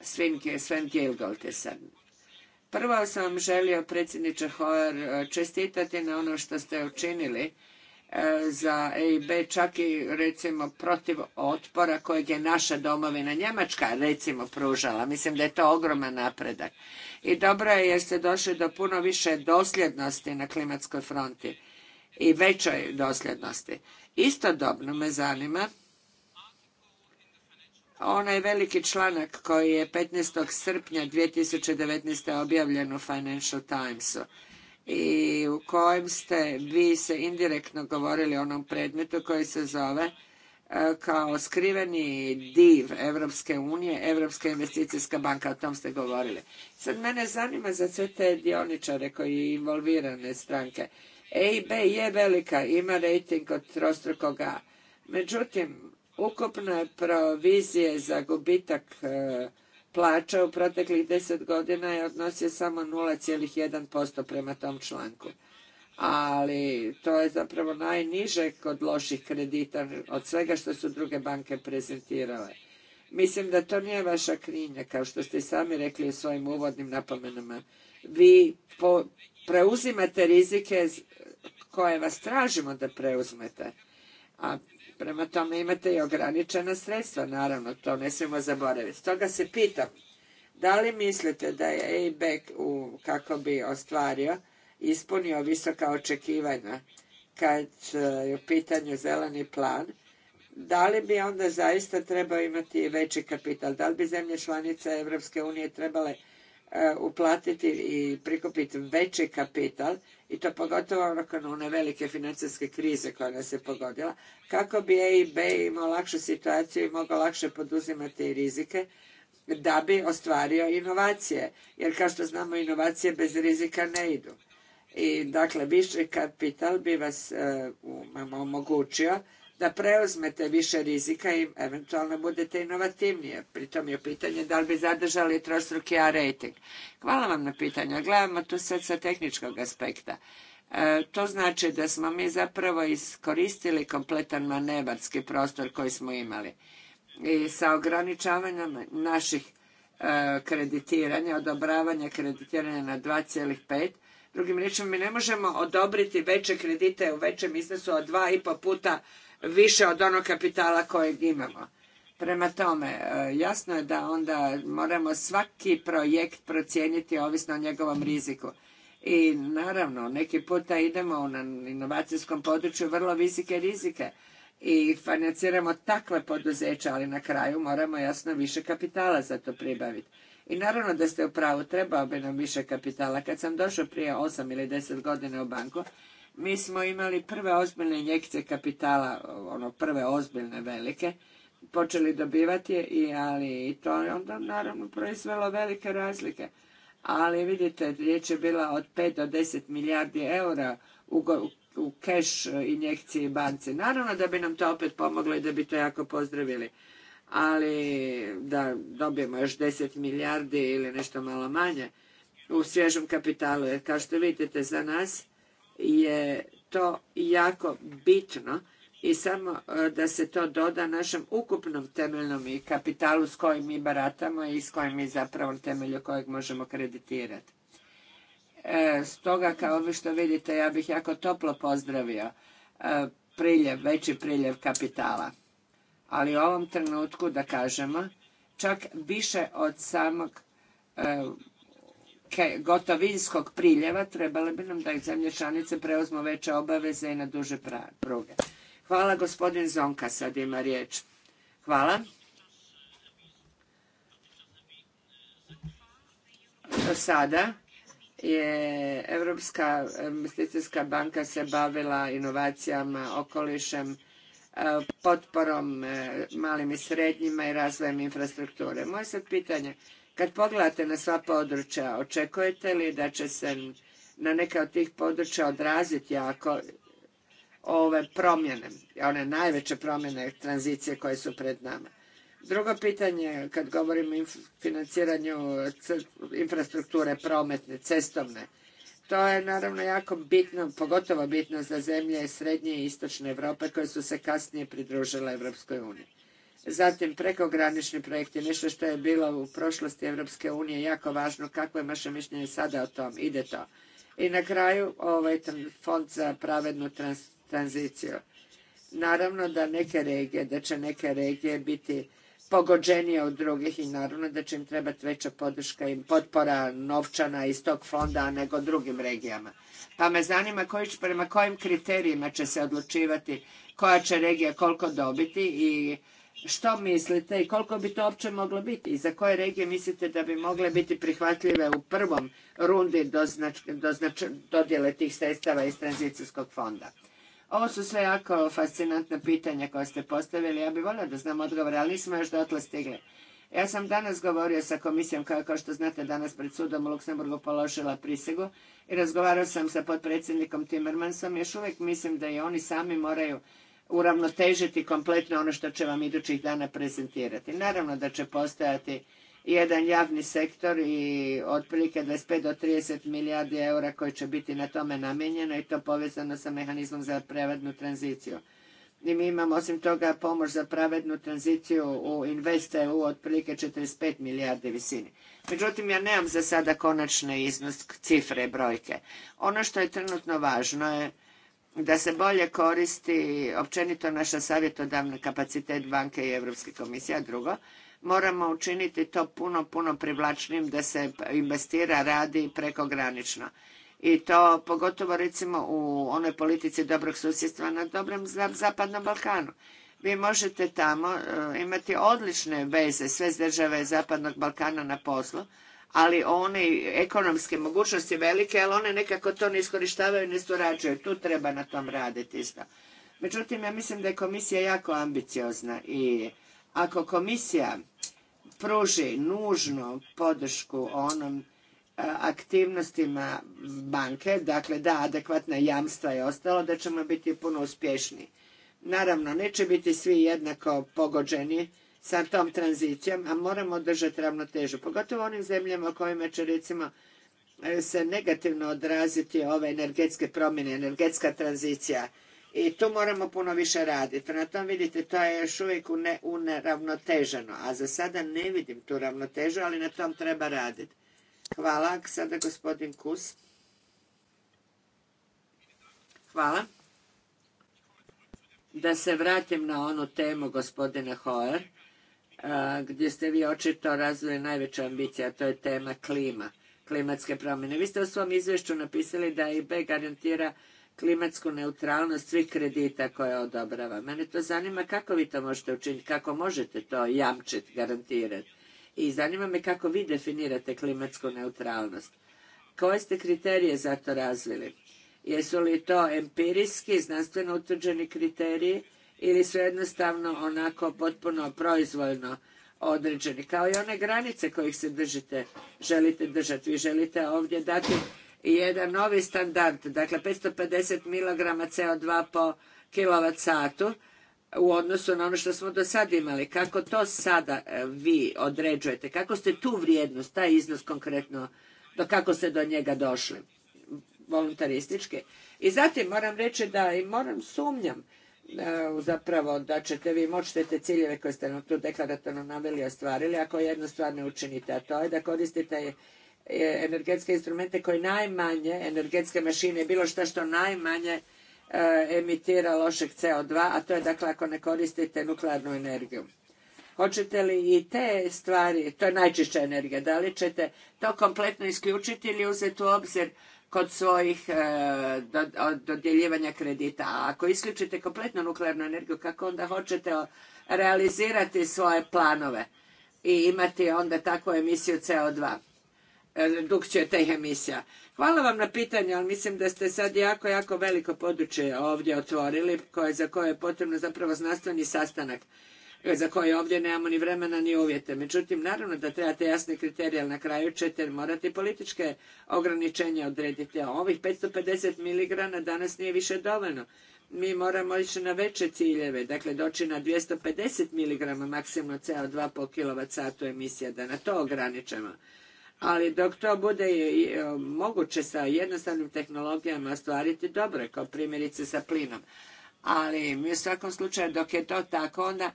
Sven Gilgolt je sad. Prvo sam vam želio, predsjedniče Hoar, čestitati na ono što ste učinili e, za EIB, čak i recimo protiv otpora kojeg je naša domovina Njemačka recimo pružala. Mislim da je to ogroman napredak i dobro je jer ste došli do puno više dosljednosti na klimatskoj fronti i većoj dosljednosti. Istodobno me zanima onaj veliki članak koji je 15. srpnja 2019. objavljen u Financial Timesu i u kojem ste vi se indirektno govorili o onom predmetu koji se zove kao skriveni div Evropske unije, Evropska investicijska banka, o tom ste govorili. Sad mene zanima za sve te dioničare koji involvirane stranke. EIB je velika, ima rejting od A. Međutim, ukupne provizije za gubitak e, plaća u proteklih deset godina je odnosio samo 0,1% prema tom članku ali to je zapravo najniže kod loših kredita od svega što su druge banke prezentirale. Mislim da to nije vaša krinja, kao što ste i sami rekli u svojim uvodnim napomenama. Vi preuzimate rizike koje vas tražimo da preuzmete, a prema tome imate i ograničena sredstva, naravno, to ne smijemo zaboraviti. Stoga se pitam, da li mislite da je EIB u, kako bi ostvario ispunio visoka očekivanja kad eh, je u pitanju zeleni plan, da li bi onda zaista trebao imati veći kapital? Da li bi zemlje članice Europske unije trebale eh, uplatiti i prikupiti veći kapital i to pogotovo nakon one velike financijske krize koja nas je pogodila, kako bi EIB imao lakšu situaciju i mogao lakše poduzimati rizike da bi ostvario inovacije. Jer kao što znamo inovacije bez rizika ne idu. I dakle, viši kapital bi vas e, omogućio da preuzmete više rizika i eventualno budete inovativnije. Pritom je pitanje da li bi zadržali trostruki A rating. Hvala vam na pitanju. Gledamo tu sad sa tehničkog aspekta. E, to znači da smo mi zapravo iskoristili kompletan manevarski prostor koji smo imali. I sa ograničavanjem naših e, kreditiranja, odobravanja kreditiranja na 2,5 Drugim riječima, mi ne možemo odobriti veće kredite u većem iznosu od dva i pol puta više od onog kapitala kojeg imamo. Prema tome, e, jasno je da onda moramo svaki projekt procijeniti ovisno o njegovom riziku. I naravno, neki puta idemo na inovacijskom području vrlo visike rizike i financiramo takve poduzeća, ali na kraju moramo jasno više kapitala za to pribaviti. I naravno da ste u pravu, trebao bi nam više kapitala. Kad sam došao prije 8 ili 10 godina u banku, mi smo imali prve ozbiljne injekcije kapitala, ono prve ozbiljne velike, počeli dobivati i, ali i to je onda naravno proizvelo velike razlike. Ali vidite, riječ je bila od 5 do 10 milijardi eura u u keš e, injekciji banci. Naravno da bi nam to opet pomoglo i da bi to jako pozdravili. Ali da dobijemo još 10 milijardi ili nešto malo manje u svježom kapitalu. Jer kao što vidite za nas je to jako bitno i samo e, da se to doda našem ukupnom temeljnom i kapitalu s kojim mi baratamo i s kojim mi zapravo temelju kojeg možemo kreditirati. E, stoga, kao vi što vidite, ja bih jako toplo pozdravio e, priljev, veći priljev kapitala. Ali u ovom trenutku, da kažemo, čak više od samog e, gotovinskog priljeva trebale bi nam da ih zemlje članice preuzmu veće obaveze i na duže pruge. Hvala gospodin Zonka, sad ima riječ. Hvala. Do sada je Europska investicijska banka se bavila inovacijama, okolišem, e, potporom e, malim i srednjima i razvojem infrastrukture. Moje sad pitanje, kad pogledate na sva područja, očekujete li da će se na neka od tih područja odraziti jako ove promjene, one najveće promjene tranzicije koje su pred nama? Drugo pitanje, kad govorimo o financiranju infrastrukture prometne, cestovne, to je naravno jako bitno, pogotovo bitno za zemlje srednje i istočne Europe koje su se kasnije pridružile Europskoj uniji. Zatim prekogranični projekti, nešto što je bilo u prošlosti Europske unije jako važno, kakvo je vaše mišljenje sada o tom, ide to. I na kraju ovaj fond za pravednu tranziciju. Naravno da neke regije, da će neke regije biti pogođenije od drugih i naravno da će im trebati veća podrška i potpora novčana iz tog fonda nego drugim regijama. Pa me zanima koji, prema kojim kriterijima će se odlučivati koja će regija koliko dobiti i što mislite i koliko bi to uopće moglo biti i za koje regije mislite da bi mogle biti prihvatljive u prvom rundi dodjele tih sredstava iz tranzicijskog fonda? Ovo su sve jako fascinantna pitanja koja ste postavili. Ja bih voljela da znam odgovore, ali nismo još dotle stigli. Ja sam danas govorio sa komisijom, koja, kao što znate, danas pred sudom u Luksemburgu položila prisegu i razgovarao sam sa potpredsjednikom Timmermansom. Još uvijek mislim da i oni sami moraju uravnotežiti kompletno ono što će vam idućih dana prezentirati. Naravno da će postojati jedan javni sektor i otprilike 25 do 30 milijardi eura koje će biti na tome namijenjeno i to povezano sa mehanizmom za pravednu tranziciju. I mi imamo osim toga pomoć za pravednu tranziciju u Investe u otprilike 45 milijardi visini. Međutim, ja nemam za sada konačne iznos cifre, brojke. Ono što je trenutno važno je da se bolje koristi općenito naša savjetodavna kapacitet banke i Europske komisije, a drugo, moramo učiniti to puno, puno privlačnijim da se investira, radi prekogranično. I to pogotovo recimo u onoj politici dobrog susjedstva na dobrom zapadnom Balkanu. Vi možete tamo eh, imati odlične veze sve države zapadnog Balkana na poslu, ali one ekonomske mogućnosti velike, ali one nekako to ne iskorištavaju, ne surađuju. Tu treba na tom raditi isto. Međutim, ja mislim da je komisija jako ambiciozna i ako komisija pruži nužnu podršku onom e, aktivnostima banke, dakle da adekvatna jamstva i ostalo, da ćemo biti puno uspješniji. Naravno, neće biti svi jednako pogođeni sa tom tranzicijom, a moramo držati ravnotežu, pogotovo u onim zemljama u kojima će recimo e, se negativno odraziti ove energetske promjene, energetska tranzicija i tu moramo puno više raditi. Na tom vidite, to je još uvijek uneravnoteženo, a za sada ne vidim tu ravnotežu, ali na tom treba raditi. Hvala. Sada gospodin Kus. Hvala. Da se vratim na onu temu gospodine Hoer, e, gdje ste vi očito razvili najveća ambicija, a to je tema klima, klimatske promjene. Vi ste u svom izvješću napisali da IB garantira klimatsku neutralnost svih kredita koje odobrava. Mene to zanima kako vi to možete učiniti, kako možete to jamčiti, garantirati. I zanima me kako vi definirate klimatsku neutralnost. Koje ste kriterije za to razvili? Jesu li to empirijski, znanstveno utvrđeni kriteriji ili su jednostavno onako potpuno proizvoljno određeni, kao i one granice kojih se držite, želite držati. Vi želite ovdje dati jedan novi standard, dakle 550 mg CO2 po kilovat satu u odnosu na ono što smo do sada imali. Kako to sada e, vi određujete? Kako ste tu vrijednost, taj iznos konkretno, do kako ste do njega došli? Voluntaristički. I zatim moram reći da i moram sumnjam e, zapravo da ćete vi moći te ciljeve koje ste nam tu deklaratorno naveli ostvarili ako jednu stvar ne učinite, a to je da koristite E, energetske instrumente koji najmanje, energetske mašine, bilo što što najmanje e, emitira lošeg CO2, a to je dakle ako ne koristite nuklearnu energiju. Hoćete li i te stvari, to je najčišća energija, da li ćete to kompletno isključiti ili uzeti u obzir kod svojih e, dodjeljivanja kredita? A ako isključite kompletno nuklearnu energiju, kako onda hoćete realizirati svoje planove i imati onda takvu emisiju CO2? redukciju tih emisija. Hvala vam na pitanju, ali mislim da ste sad jako, jako veliko područje ovdje otvorili, koje, za koje je potrebno zapravo znanstveni sastanak e, za koje ovdje nemamo ni vremena ni uvjete. Međutim, naravno da trebate jasne kriterije, ali na kraju ćete morati političke ograničenja odrediti. A ovih 550 miligrana danas nije više dovoljno. Mi moramo ići na veće ciljeve, dakle doći na 250 miligrama maksimum CO2 po kilovat satu emisija, da na to ograničemo ali dok to bude e, moguće sa jednostavnim tehnologijama ostvariti, dobro je kao primjerice sa plinom. Ali mi u svakom slučaju dok je to tako, onda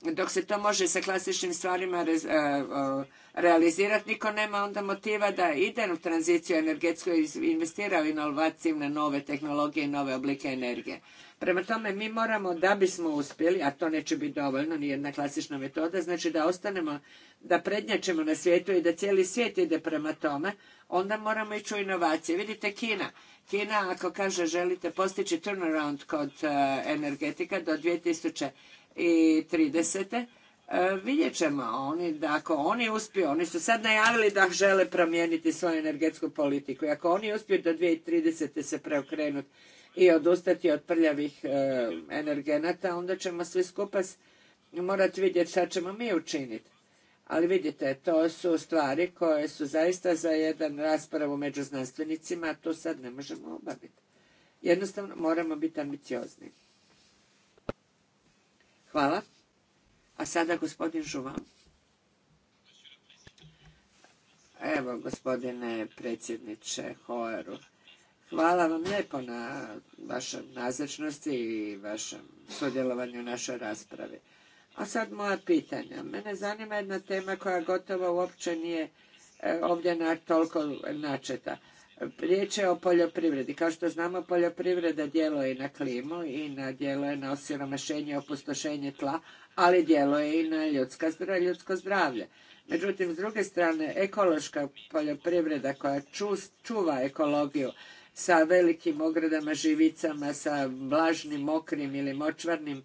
dok se to može sa klasičnim stvarima e, realizirati, niko nema onda motiva da ide u tranziciju energetsku i investira u inovacije na nove tehnologije i nove oblike energije. Prema tome, mi moramo, da bismo uspjeli, a to neće biti dovoljno, ni jedna klasična metoda, znači da ostanemo, da prednjačemo na svijetu i da cijeli svijet ide prema tome, onda moramo ići u inovacije. Vidite Kina. Kina, ako kaže želite postići turnaround kod e, energetika do 2030. Uh, e, vidjet ćemo oni da ako oni uspiju, oni su sad najavili da žele promijeniti svoju energetsku politiku i ako oni uspiju do 2030. se preokrenuti i odustati od prljavih e, energenata, onda ćemo svi skupa morati vidjeti šta ćemo mi učiniti. Ali vidite, to su stvari koje su zaista za jedan raspravu među znanstvenicima, a to sad ne možemo obaviti. Jednostavno moramo biti ambiciozni. Hvala. A sada gospodin Žuvan. Evo, gospodine predsjedniče Hoeru, Hvala vam lijepo na vašoj nazočnosti i vašem sudjelovanju u našoj raspravi. A sad moja pitanja. Mene zanima jedna tema koja gotovo uopće nije e, ovdje na, toliko načeta. Riječ je o poljoprivredi. Kao što znamo, poljoprivreda djeluje i na klimu i na djeluje na osiromašenje, i opustošenje tla, ali djeluje i na ljudska, ljudsko zdravlje. Međutim, s druge strane, ekološka poljoprivreda koja čuva ekologiju, sa velikim ogradama, živicama, sa vlažnim, mokrim ili močvarnim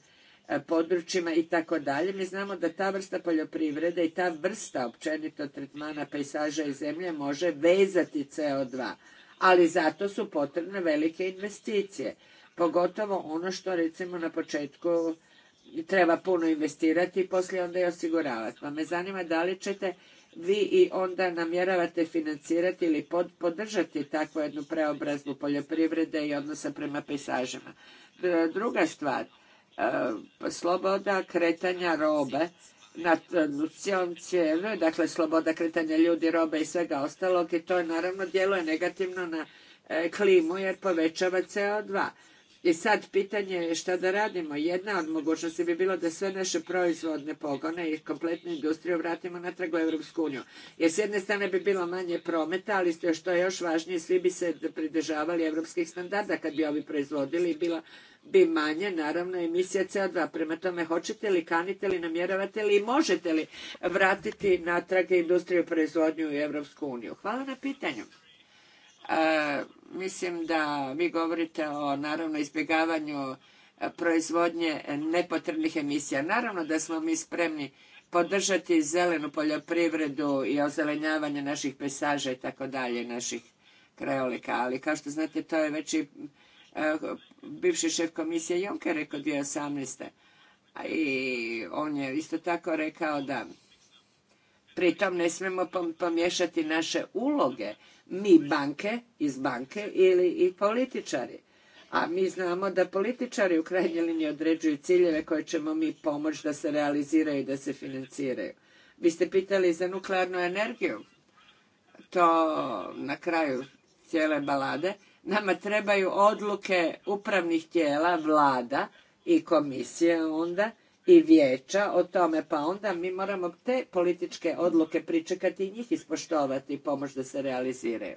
e, područjima i tako dalje. Mi znamo da ta vrsta poljoprivrede i ta vrsta općenito tretmana pejsaža i zemlje može vezati CO2, ali zato su potrebne velike investicije. Pogotovo ono što recimo na početku treba puno investirati i poslije onda i osiguravati. Pa me zanima da li ćete vi i onda namjeravate financirati ili podržati takvu jednu preobrazbu poljoprivrede i odnosa prema pisažima. E, druga stvar, e, sloboda kretanja robe na cijelom cijelu, dakle sloboda kretanja ljudi, robe i svega ostalog i to naravno djeluje negativno na e, klimu jer povećava CO2. I sad pitanje je šta da radimo. Jedna od mogućnosti bi bilo da sve naše proizvodne pogone i kompletnu industriju vratimo natrag u Evropsku uniju. Jer s jedne strane bi bilo manje prometa, ali što je još važnije, svi bi se pridržavali europskih standarda kad bi ovi proizvodili i bila bi manje, naravno, emisija CO2. Prema tome, hoćete li, kanite li, namjeravate li i možete li vratiti natrag industriju proizvodnju u Evropsku uniju? Hvala na pitanju mislim da vi govorite o naravno izbjegavanju proizvodnje nepotrebnih emisija. Naravno da smo mi spremni podržati zelenu poljoprivredu i ozelenjavanje naših pesaža i tako dalje, naših krajolika. Ali kao što znate, to je već i bivši šef komisije Juncker rekao 2018. I on je isto tako rekao da pritom ne smemo pomiješati naše uloge mi banke, iz banke ili i političari. A mi znamo da političari u krajnjoj liniji određuju ciljeve koje ćemo mi pomoći da se realiziraju i da se financiraju. Vi ste pitali za nuklearnu energiju. To na kraju cijele balade. Nama trebaju odluke upravnih tijela, vlada i komisije onda i vijeća o tome, pa onda mi moramo te političke odluke pričekati i njih ispoštovati i pa pomoći da se realiziraju.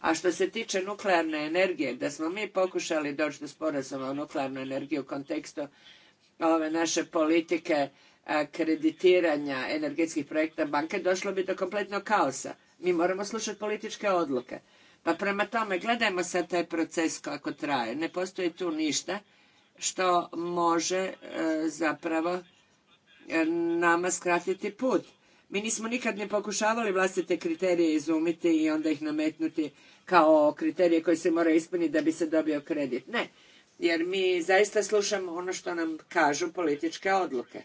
A što se tiče nuklearne energije, da smo mi pokušali doći do sporazuma o nuklearnoj energiji u kontekstu ove naše politike kreditiranja energetskih projekta banke, došlo bi do kompletnog kaosa. Mi moramo slušati političke odluke. Pa prema tome, gledajmo sad taj proces kako traje. Ne postoji tu ništa što može e, zapravo e, nama skratiti put. Mi nismo nikad ne pokušavali vlastite kriterije izumiti i onda ih nametnuti kao kriterije koje se mora ispuniti da bi se dobio kredit. Ne, jer mi zaista slušamo ono što nam kažu političke odluke.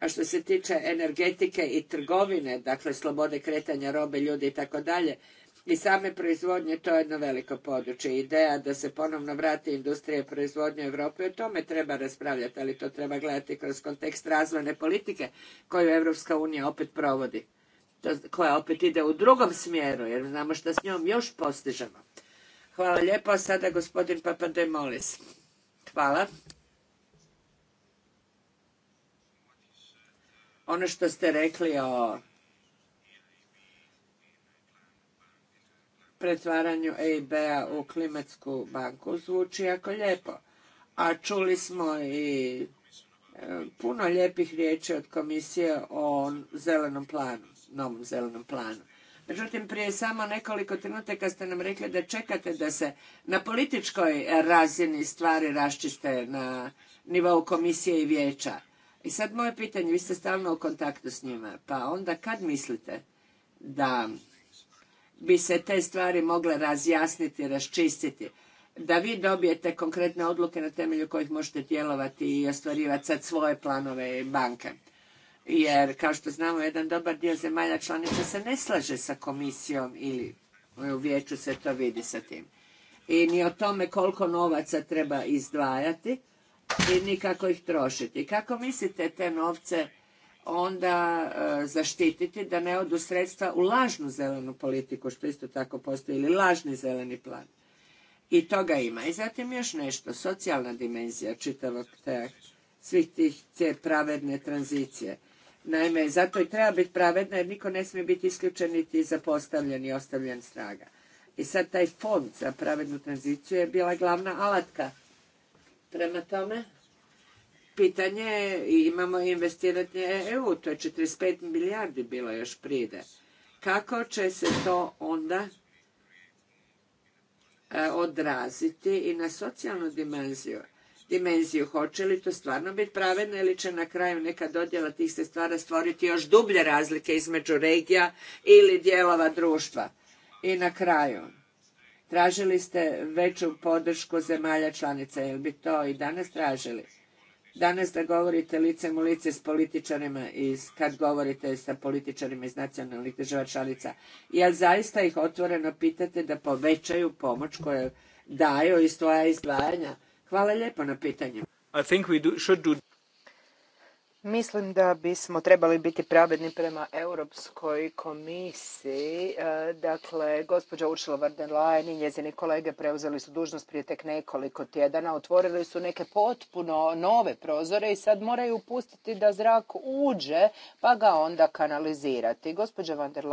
A što se tiče energetike i trgovine, dakle slobode kretanja robe, ljudi i tako dalje, i same proizvodnje, to je jedno veliko područje. Ideja da se ponovno vrati industrija proizvodnje Europe, o tome treba raspravljati, ali to treba gledati kroz kontekst razvojne politike koju Europska unija opet provodi, koja opet ide u drugom smjeru, jer znamo što s njom još postižemo. Hvala lijepo, sada gospodin Papademolis. Hvala. Ono što ste rekli o pretvaranju EIB-a u klimatsku banku zvuči jako lijepo. A čuli smo i e, puno lijepih riječi od komisije o zelenom planu, novom zelenom planu. Međutim, prije samo nekoliko trenutaka ste nam rekli da čekate da se na političkoj razini stvari raščiste na nivou komisije i vijeća. I sad moje pitanje, vi ste stalno u kontaktu s njima, pa onda kad mislite da bi se te stvari mogle razjasniti, raščistiti, da vi dobijete konkretne odluke na temelju kojih možete djelovati i ostvarivati sad svoje planove i banke. Jer, kao što znamo, jedan dobar dio zemalja članica se ne slaže sa komisijom ili u vijeću se to vidi sa tim. I ni o tome koliko novaca treba izdvajati i ni kako ih trošiti. Kako mislite te novce onda e, zaštititi da ne odu sredstva u lažnu zelenu politiku, što isto tako postoji, ili lažni zeleni plan. I toga ima. I zatim još nešto, socijalna dimenzija čitavog te, svih tih te pravedne tranzicije. Naime, zato i treba biti pravedna jer niko ne smije biti isključen niti zapostavljen i ostavljen straga. I sad taj fond za pravednu tranziciju je bila glavna alatka. Prema tome, pitanje imamo investiranje EU, to je 45 milijardi bilo još pride. Kako će se to onda e, odraziti i na socijalnu dimenziju? dimenziju. Hoće li to stvarno biti pravedno ili će na kraju neka dodjela tih se stvara stvoriti još dublje razlike između regija ili dijelova društva? I na kraju, tražili ste veću podršku zemalja članica, jel bi to i danas tražili? danas da govorite licem u lice s političarima iz, kad govorite sa političarima iz nacionalnih država članica, jel zaista ih otvoreno pitate da povećaju pomoć koju daju iz svoja izdvajanja? Hvala lijepo na pitanju. Mislim da bismo trebali biti pravedni prema Europskoj komisiji. E, dakle, gospođa Ursula von der i njezini kolege preuzeli su dužnost prije tek nekoliko tjedana. Otvorili su neke potpuno nove prozore i sad moraju pustiti da zrak uđe pa ga onda kanalizirati. Gospođa Van der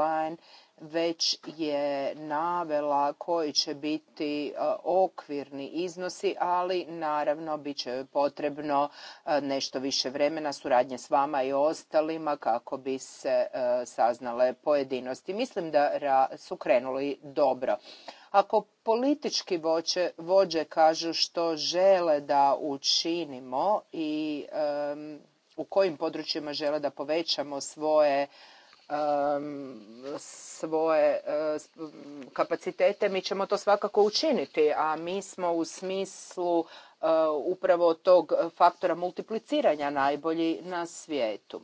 već je navela koji će biti e, okvirni iznosi, ali naravno bit će potrebno e, nešto više vremena suradnje s vama i ostalima kako bi se e, saznale pojedinosti. Mislim da su krenuli dobro. Ako politički vođe, kažu što žele da učinimo i u kojim područjima žele da povećamo svoje Um, svoje uh, kapacitete, mi ćemo to svakako učiniti, a mi smo u smislu uh, upravo tog faktora multipliciranja najbolji na svijetu.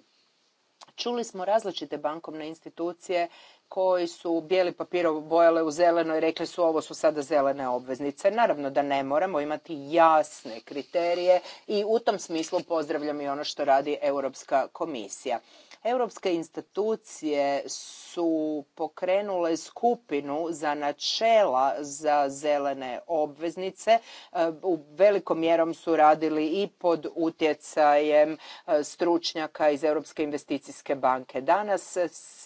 Čuli smo različite bankovne institucije koji su bijeli papir bojale u zeleno i rekli su ovo su sada zelene obveznice. Naravno da ne moramo imati jasne kriterije i u tom smislu pozdravljam i ono što radi Europska komisija. Europske institucije su pokrenule skupinu za načela za zelene obveznice. E, u velikom mjerom su radili i pod utjecajem e, stručnjaka iz Europske investicijske banke. Danas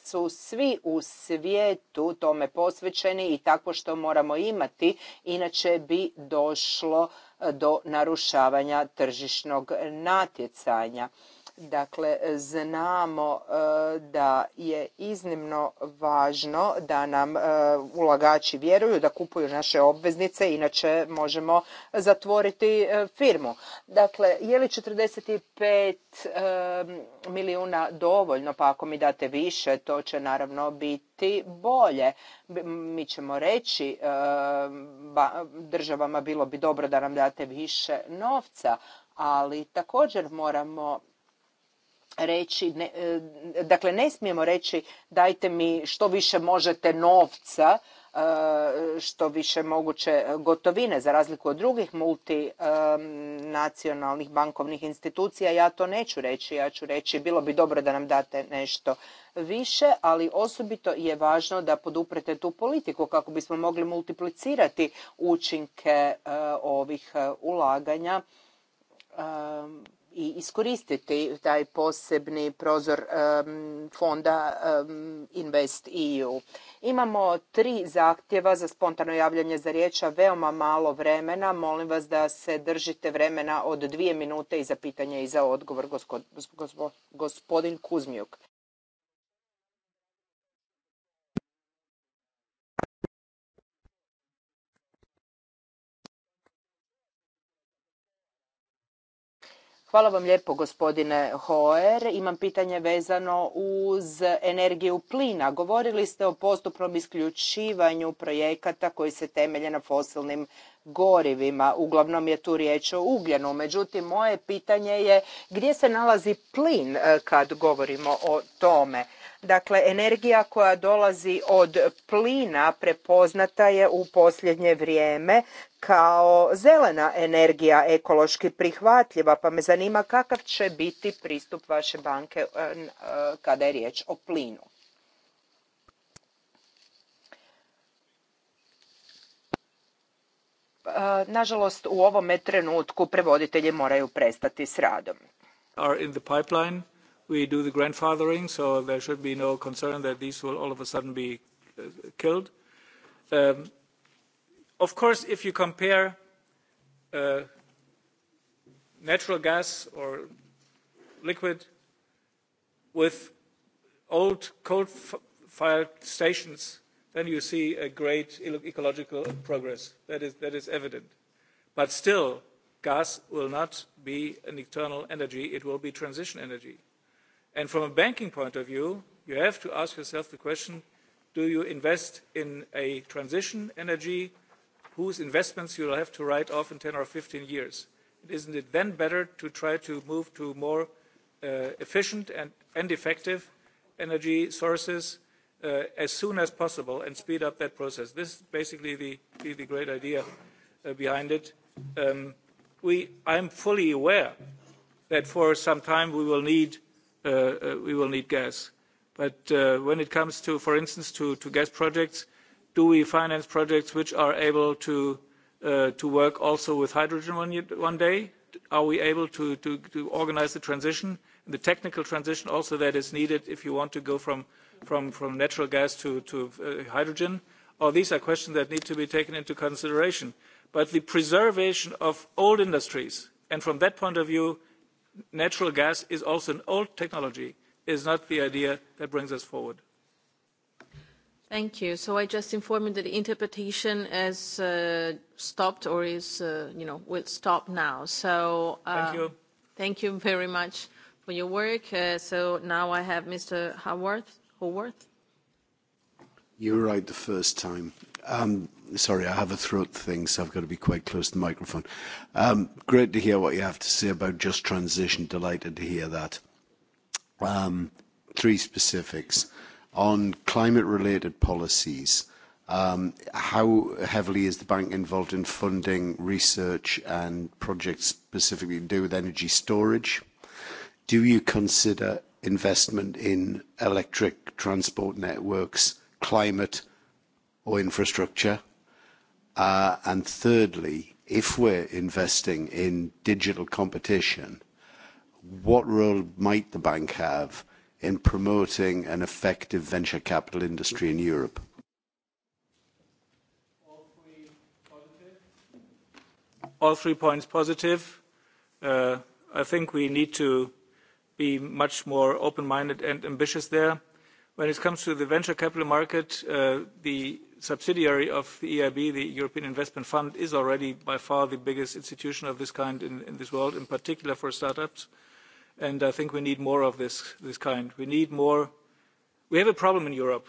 su svi u svijetu tome posvećeni i tako što moramo imati, inače bi došlo e, do narušavanja tržišnog natjecanja. Dakle, znamo e, da je iznimno važno da nam e, ulagači vjeruju, da kupuju naše obveznice, inače možemo zatvoriti e, firmu. Dakle, je li 45 milijuna dovoljno, pa ako mi date više, to će naravno biti bolje. Mi ćemo reći državama bilo bi dobro da nam date više novca, ali također moramo reći, ne, e, dakle ne smijemo reći dajte mi što više možete novca, e, što više moguće gotovine za razliku od drugih multinacionalnih e, bankovnih institucija. Ja to neću reći, ja ću reći bilo bi dobro da nam date nešto više, ali osobito je važno da poduprete tu politiku kako bismo mogli multiplicirati učinke ovih ulaganja i iskoristiti taj posebni prozor fonda um, Invest EU. Imamo tri zahtjeva za spontano javljanje za riječ, a veoma malo vremena. Molim vas da se držite vremena od dvije minute i za pitanje i za odgovor. Gospodin Kuzmijuk. Hvala vam lijepo gospodine Hoer. Imam pitanje vezano uz energiju plina. Govorili ste o postupnom isključivanju projekata koji se temelje na fosilnim gorivima. Uglavnom je tu riječ o ugljenu. Međutim, moje pitanje je gdje se nalazi plin eh, kad govorimo o tome? Dakle, energija koja dolazi od plina prepoznata je u posljednje vrijeme kao zelena energija ekološki prihvatljiva, pa me zanima kakav će biti pristup vaše banke e, e, kada je riječ o plinu. E, nažalost, u ovome trenutku prevoditelji moraju prestati s radom we do the grandfathering, so there should be no concern that these will all of a sudden be uh, killed. Um, of course, if you compare uh, natural gas or liquid with old coal-fired stations, then you see a great e-, ecological progress. That is, that is evident. But still, gas will not be an eternal energy. It will be transition energy and from a banking point of view you have to ask yourself the question do you invest in a transition energy whose investments you will have to write off in 10 or 15 years isn't it then better to try to move to more uh, efficient and, effective energy sources uh, as soon as possible and speed up that process this is basically the great idea uh, behind it um, we i'm fully aware that for some time we will need Uh, uh, we will need gas. But uh, when it comes to, for instance, to, gas projects, do we finance projects which are able to, work also with hydrogen one, day? Are we able to, to, to organize the transition, the technical transition also that is needed if you want to go from, from, natural gas to, to hydrogen? All these are questions that need to be taken into consideration. But the preservation of old industries, and from that point of view, natural gas is also an old technology is not the idea that brings us forward. Thank you. So I just informed you that the interpretation has uh, stopped or is, uh, you know, will stop now. So uh, thank you. Thank you very much for your work. so now I have Mr. Haworth. Haworth. You were right the first time. Um, sorry, I have a throat thing, so I've got to be quite close to the microphone. Um, great to hear what you have to say about just transition. Delighted to hear that. Um, three specifics on climate-related policies. how heavily is the bank involved in funding research and projects specifically to do with energy storage? Do you consider investment in electric transport networks, climate, or infrastructure. Uh, and thirdly, if we're investing in digital competition, what role might the bank have in promoting an effective venture capital industry in Europe? All three positive. All three points positive. Uh, I think we need to be much more open-minded and ambitious there. When it comes to the venture capital market, uh, the subsidiary of the EIB, the European Investment Fund, is already by far the biggest institution of this kind in, in this world, in particular for startups. And I think we need more of this, this kind. We need more. We have a problem in Europe.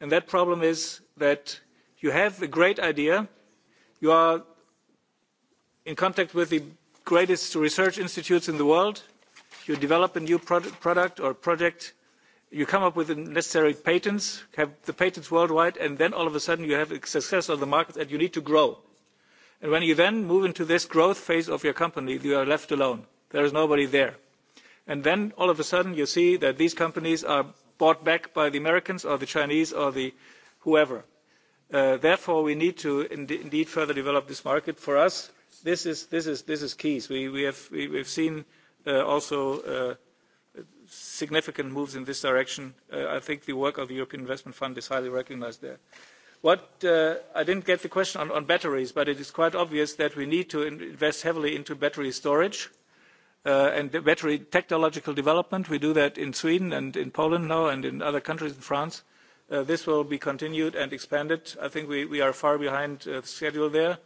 And that problem is that you have a great idea. You are in contact with the greatest research institutes in the world. You develop a new product or project you come up with the necessary patents have the patents worldwide and then all of a sudden you have success on the market and you need to grow and when you then move into this growth phase of your company you are left alone there is nobody there and then all of a sudden you see that these companies are bought back by the americans or the chinese or the whoever uh, therefore we need to indeed further develop this market for us this is this is this is key we we have we've seen uh, also uh, significant moves in this direction. Uh, I think the work of the European Investment Fund is highly recognised there. Uh, I didn't get the question on, batteries, but it is quite obvious that we need to invest heavily into battery storage uh, and battery technological development. We do that in Sweden and in Poland now and in other countries in France. this will be continued and expanded. I think we, are far behind schedule there.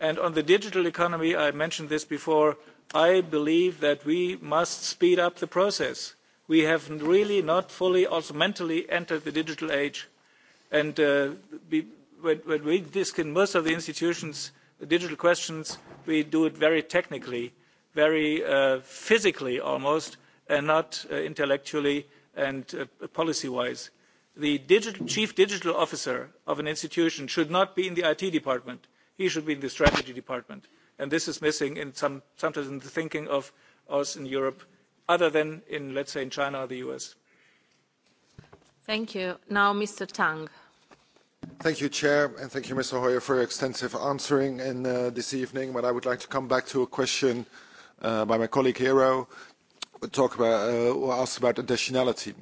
And on the digital economy, I mentioned this before, I believe that we must speed up the process we have really not fully also mentally entered the digital age and uh, when, when we discuss most of the institutions digital questions we do it very technically very uh, physically almost and not uh, intellectually and policy wise the chief digital officer of an institution should not be in the IT department he should be in the strategy department and this is missing in some sometimes in the thinking of us in Europe other than in, let's say, in China or the US. Thank you. Now, Mr. Tang. Thank you, Chair, and thank you, Mr. Hoyer, for your extensive answering in, uh, this evening. But I would like to come back to a question uh, by my colleague Hero, who about, uh, asked about additionality.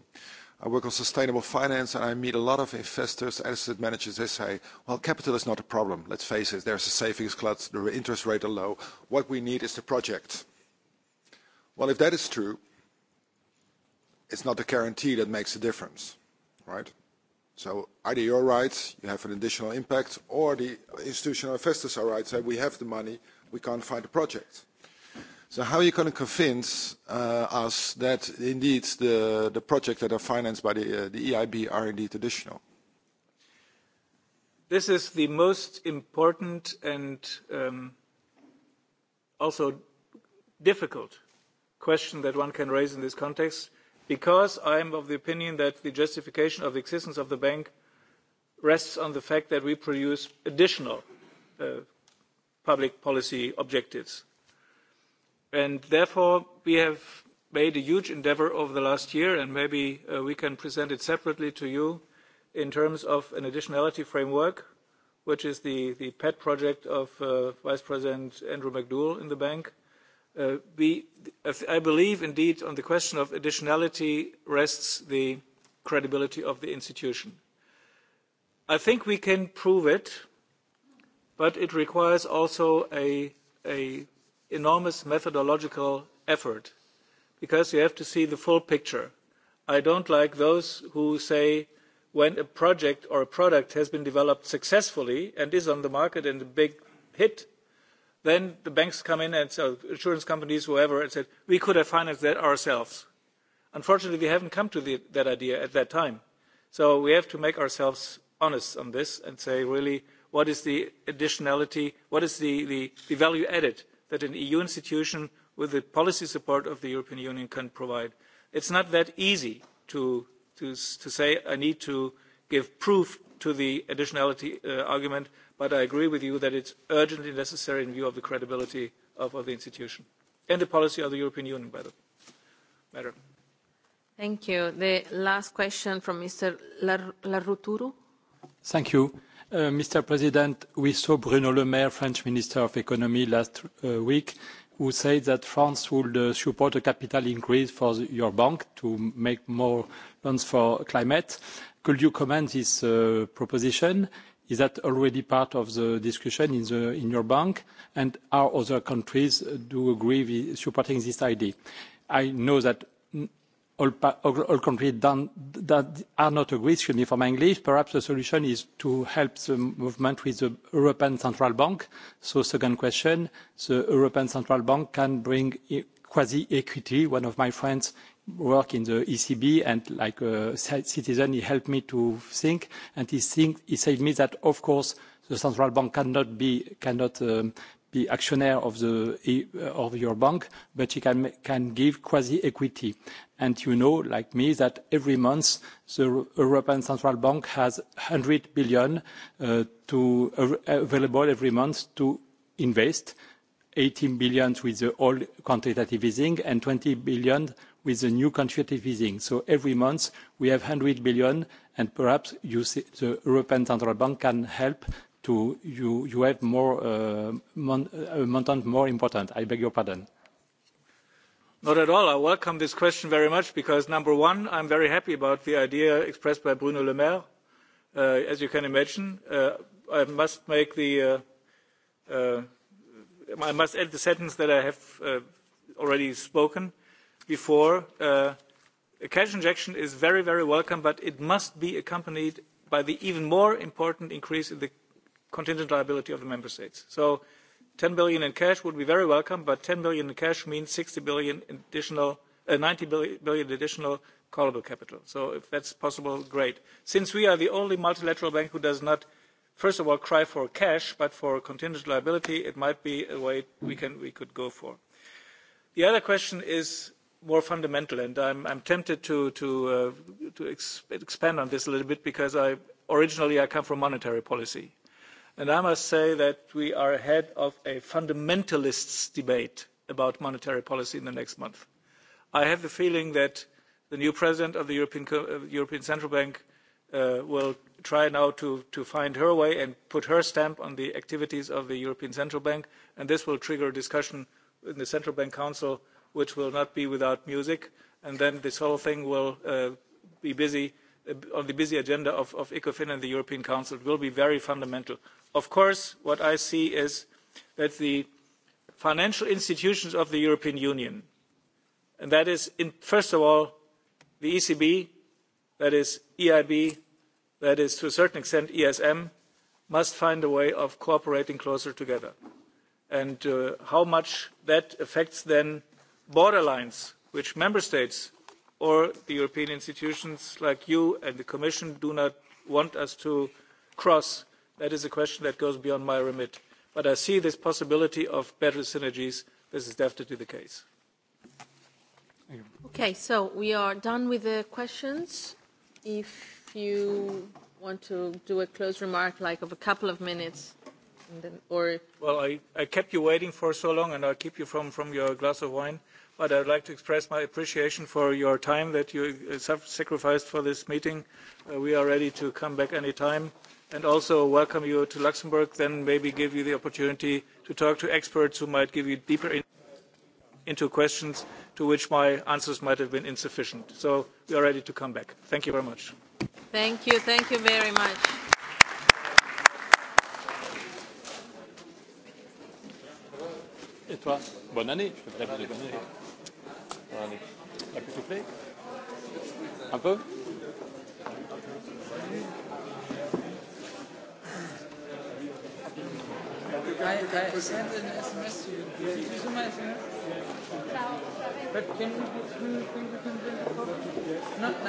I work on sustainable finance and I meet a lot of investors, asset managers. They say, well, capital is not a problem. Let's face it, there's a savings clutch, the interest rates are low. What we need is the project well if that is true it's not a guarantee that makes a difference right so either you're right you have an additional impact or the institutional investors are right say we have the money we can't find a project so how are you going to convince uh, us that indeed the the projects that are financed by the, uh, the eib are indeed additional this is the most important and um, also difficult question that one can raise in this context because i am of the opinion that the justification of the existence of the bank rests on the fact that we produce additional uh, public policy objectives and therefore we have made a huge endeavour over the last year and maybe uh, we can present it separately to you in terms of an additionality framework which is the, the pet project of uh, vice president andrew mcdougall in the bank Uh, we, I believe indeed on the question of additionality rests the credibility of the institution. I think we can prove it, but it requires also a, a enormous methodological effort because you have to see the full picture. I don't like those who say when a project or a product has been developed successfully and is on the market and a big hit, Then the banks come in and so insurance companies, whoever, and said, we could have financed that ourselves. Unfortunately, we haven't come to that idea at that time. So we have to make ourselves honest on this and say, really, what is the additionality, what is the, the, the value added that an EU institution with the policy support of the European Union can provide? It's not that easy to, to, to say, I need to give proof to the additionality uh, argument but I agree with you that it's urgently necessary in view of the credibility of, of the institution and the policy of the European Union, by the matter. Thank you. The last question from Mr. Thank you. Uh, Mr. President, we saw Bruno Le Maire, French Minister of Economy, last uh, week, who said that France would uh, support a capital increase for your bank to make more loans for climate. Could you comment this proposition? Is that already part of the discussion in, your bank? And are other countries uh, do agree with supporting this idea? I know that pa, all, countries that are not agree, excuse me for my English, perhaps the solution is to help the movement with the European Central Bank. So second question, the European Central Bank can bring e-, quasi-equity. One of my friends work in the ECB and like a uh, citizen, he helped me to think. And he, think, he said me that, of course, the central bank cannot be, cannot, um, be actionnaire of, the, e, uh, of your bank, but he can, can give quasi-equity. And you know, like me, that every month the European Central Bank has 100 billion uh, to, available every month to invest, 18 billion with the old quantitative easing and 20 billion with the new quantitative easing. So every month, we have 100 billion, and perhaps you see the European Central Bank can help to you, you have more uh, uh, amount more important. I beg your pardon. Not at all. I welcome this question very much because, number one, I'm very happy about the idea expressed by Bruno Le Maire. Uh, as you can imagine, I must make the I must add the sentence that I have already spoken before, uh, a cash injection is very, very welcome, but it must be accompanied by the even more important increase in the contingent liability of the member states. So 10 billion in cash would be very welcome, but 10 billion in cash means 60 billion additional, 90 uh, billion additional callable capital. So if that's possible, great. Since we are the only multilateral bank who does not, first of all, cry for cash, but for contingent liability, it might be a way we, can, we could go for. The other question is more fundamental, and I'm, I'm tempted to, to, uh, to expand on this a little bit because I, originally I come from monetary policy. And I must say that we are ahead of a fundamentalist debate about monetary policy in the next month. I have the feeling that the new president of the European, uh, European Central Bank uh, will try now to, to find her way and put her stamp on the activities of the European Central Bank, and this will trigger a discussion in the Central Bank Council which will not be without music and then this whole thing will uh, be busy uh, on the busy agenda of, of ecofin and the european council will be very fundamental. of course what i see is that the financial institutions of the european union and that is in, first of all the ecb that is eib that is to a certain extent esm must find a way of cooperating closer together and uh, how much that affects then border lines which member states or the european institutions like you and the commission do not want us to cross that is a question that goes beyond my remit but i see this possibility of better synergies this is definitely the case. okay so we are done with the questions. if you want to do a close remark like of a couple of minutes or... Well, I, I kept you waiting for so long, and I'll keep you from, from your glass of wine. But I'd like to express my appreciation for your time that you uh, sacrificed for this meeting. Uh, we are ready to come back any time, and also welcome you to Luxembourg, then maybe give you the opportunity to talk to experts who might give you deeper in into questions to which my answers might have been insufficient. So we are ready to come back. Thank you very much. Thank you. Thank you very much. Et toi Bonne année. Je te bonne année. Bonne Un peu